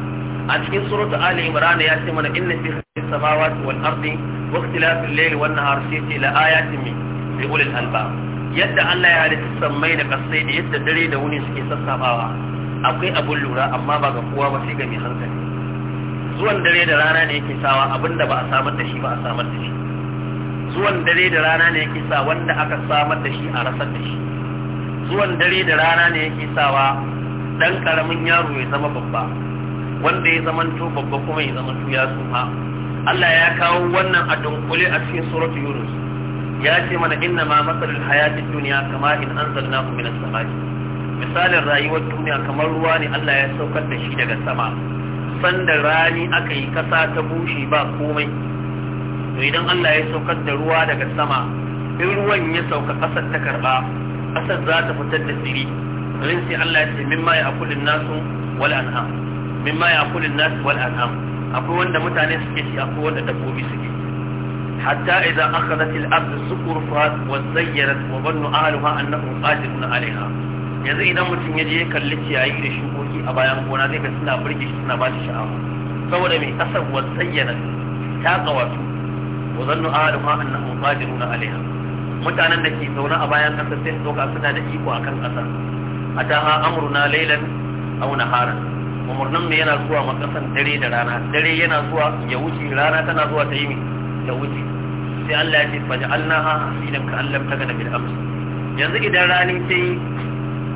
a cikin suratul ali imran ya ce mana inna fi samawati wal ardi wa ikhtilafil layli wan nahar sai ce la ayatin min li ulil albab yadda Allah ya halitta sammai da kasai da yadda dare da wuni suke sassabawa akwai abun lura amma ba ga kowa ba sai ga mai hankali zuwan dare da rana ne yake sawa abinda ba a samar da shi ba a samar da shi zuwan dare da rana ne yake sa wanda aka samar da shi a rasar da shi zuwan dare da rana ne yake sawa dan karamin yaro ya zama babba wanda ya zama to babba kuma ya zama to ya suma Allah ya kawo wannan a dunkule a cikin suratul Yunus ya ce mana inna ma masalul hayatid duniya kama in anzalnahu minas samai misalin rayuwar duniya kamar ruwa ne Allah ya saukar da shi daga sama sanda rani aka yi kasa ta bushe ba komai to idan Allah ya saukar da ruwa daga sama in ruwan ya sauka kasar ta karba kasar za ta fitar da tsiri rin sai Allah ya ce min mimma ya akulin nasu wal an'am mimma ya akulin nasu wal an'am akwai wanda mutane suke shi, akwai wanda dabbobi suke حتى إذا أخذت الأرض الزخرفات وزينت وظن أهلها أنهم قادرون عليها yanzu idan mutum ya je kalli ciyayi da shukoki a bayan gona zai ga suna burge shi suna ba shi sha'awa saboda mai kasar wasayyana ta kawatu wa zannu na annahum na alaiha mutanen da ke zaune a bayan kasar sai doka suna da iko a akan kasar ataha amruna laylan aw naharan umurnin mu yana zuwa makasan dare da rana dare yana zuwa ya wuce rana tana zuwa ta yi ta wuce sai Allah ya ce faja Allah ha hasidan ka Allah ta ga bil amsa yanzu idan rani ta yi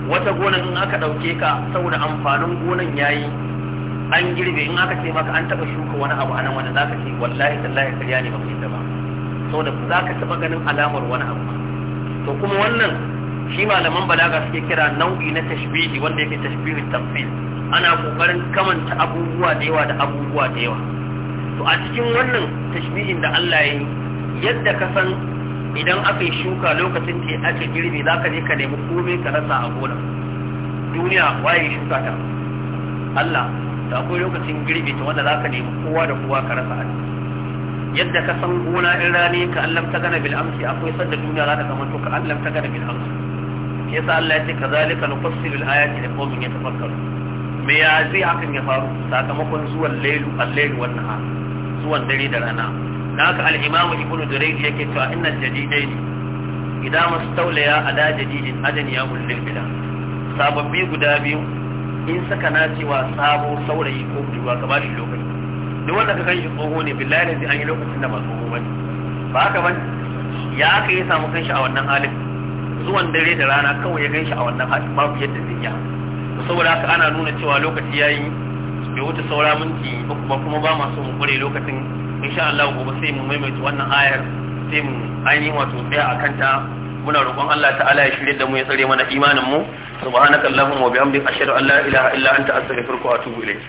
wata gonan in aka dauke ka saboda amfanin gonan yayi an girbe in aka ce maka an taba shuka wani abu anan wanda zaka ce wallahi tallahi kariya ne ba da ba saboda ba zaka taba ganin alamar wani abu to kuma wannan shi malaman balaga suke kira nau'i na tashbihi wanda yake tashbihi tafsir ana kokarin kamanta abubuwa da yawa da abubuwa da yawa to a cikin wannan tashbihin da Allah ya yi yadda ka san idan aka yi shuka lokacin ke ake girbi za ka je ka nemi komai ka rasa a gona duniya waye shuka ta Allah da akwai lokacin girbi ta wanda za ka nemi kowa da kowa ka rasa a yadda ka san gona in rani ka Allah ta gana bil amsi akwai sanda duniya za ta zama to ka Allah ta gana bil amsi sa Allah ya ce ka na kazalika nufassilu al-ayati ya yatafakkarun me ya zai hakan ya faru sakamakon zuwan lailu al-lailu wan zuwan dare da rana da haka al-imamu ibnu jurayj yake cewa innal jadidain idan mustawliya ala jadidin adan ya ulil bila sababbi guda biyu in saka na cewa sabo saurayi ko budurwa gaba bashi lokaci duk wanda ka kanshi tsoho ne billahi da an yi lokacin da ba tsoho bane ba haka ba ya aka yi samu kanshi a wannan halin zuwan dare da rana kawai ya ganshi a wannan halin babu yadda zai yi saboda haka ana nuna cewa lokaci yayi bai wuce saura minti ba kuma ba masu mu lokacin insha Allah gobe sai mu maimaita wannan ayar sai mu ainihin wato tsaya a kanta muna roƙon Allah ta'ala ya shirye da mu ya tsare mana imanin mu subhanaka allahumma wa bihamdika ashhadu an la ilaha illa anta astaghfiruka wa atubu ilayk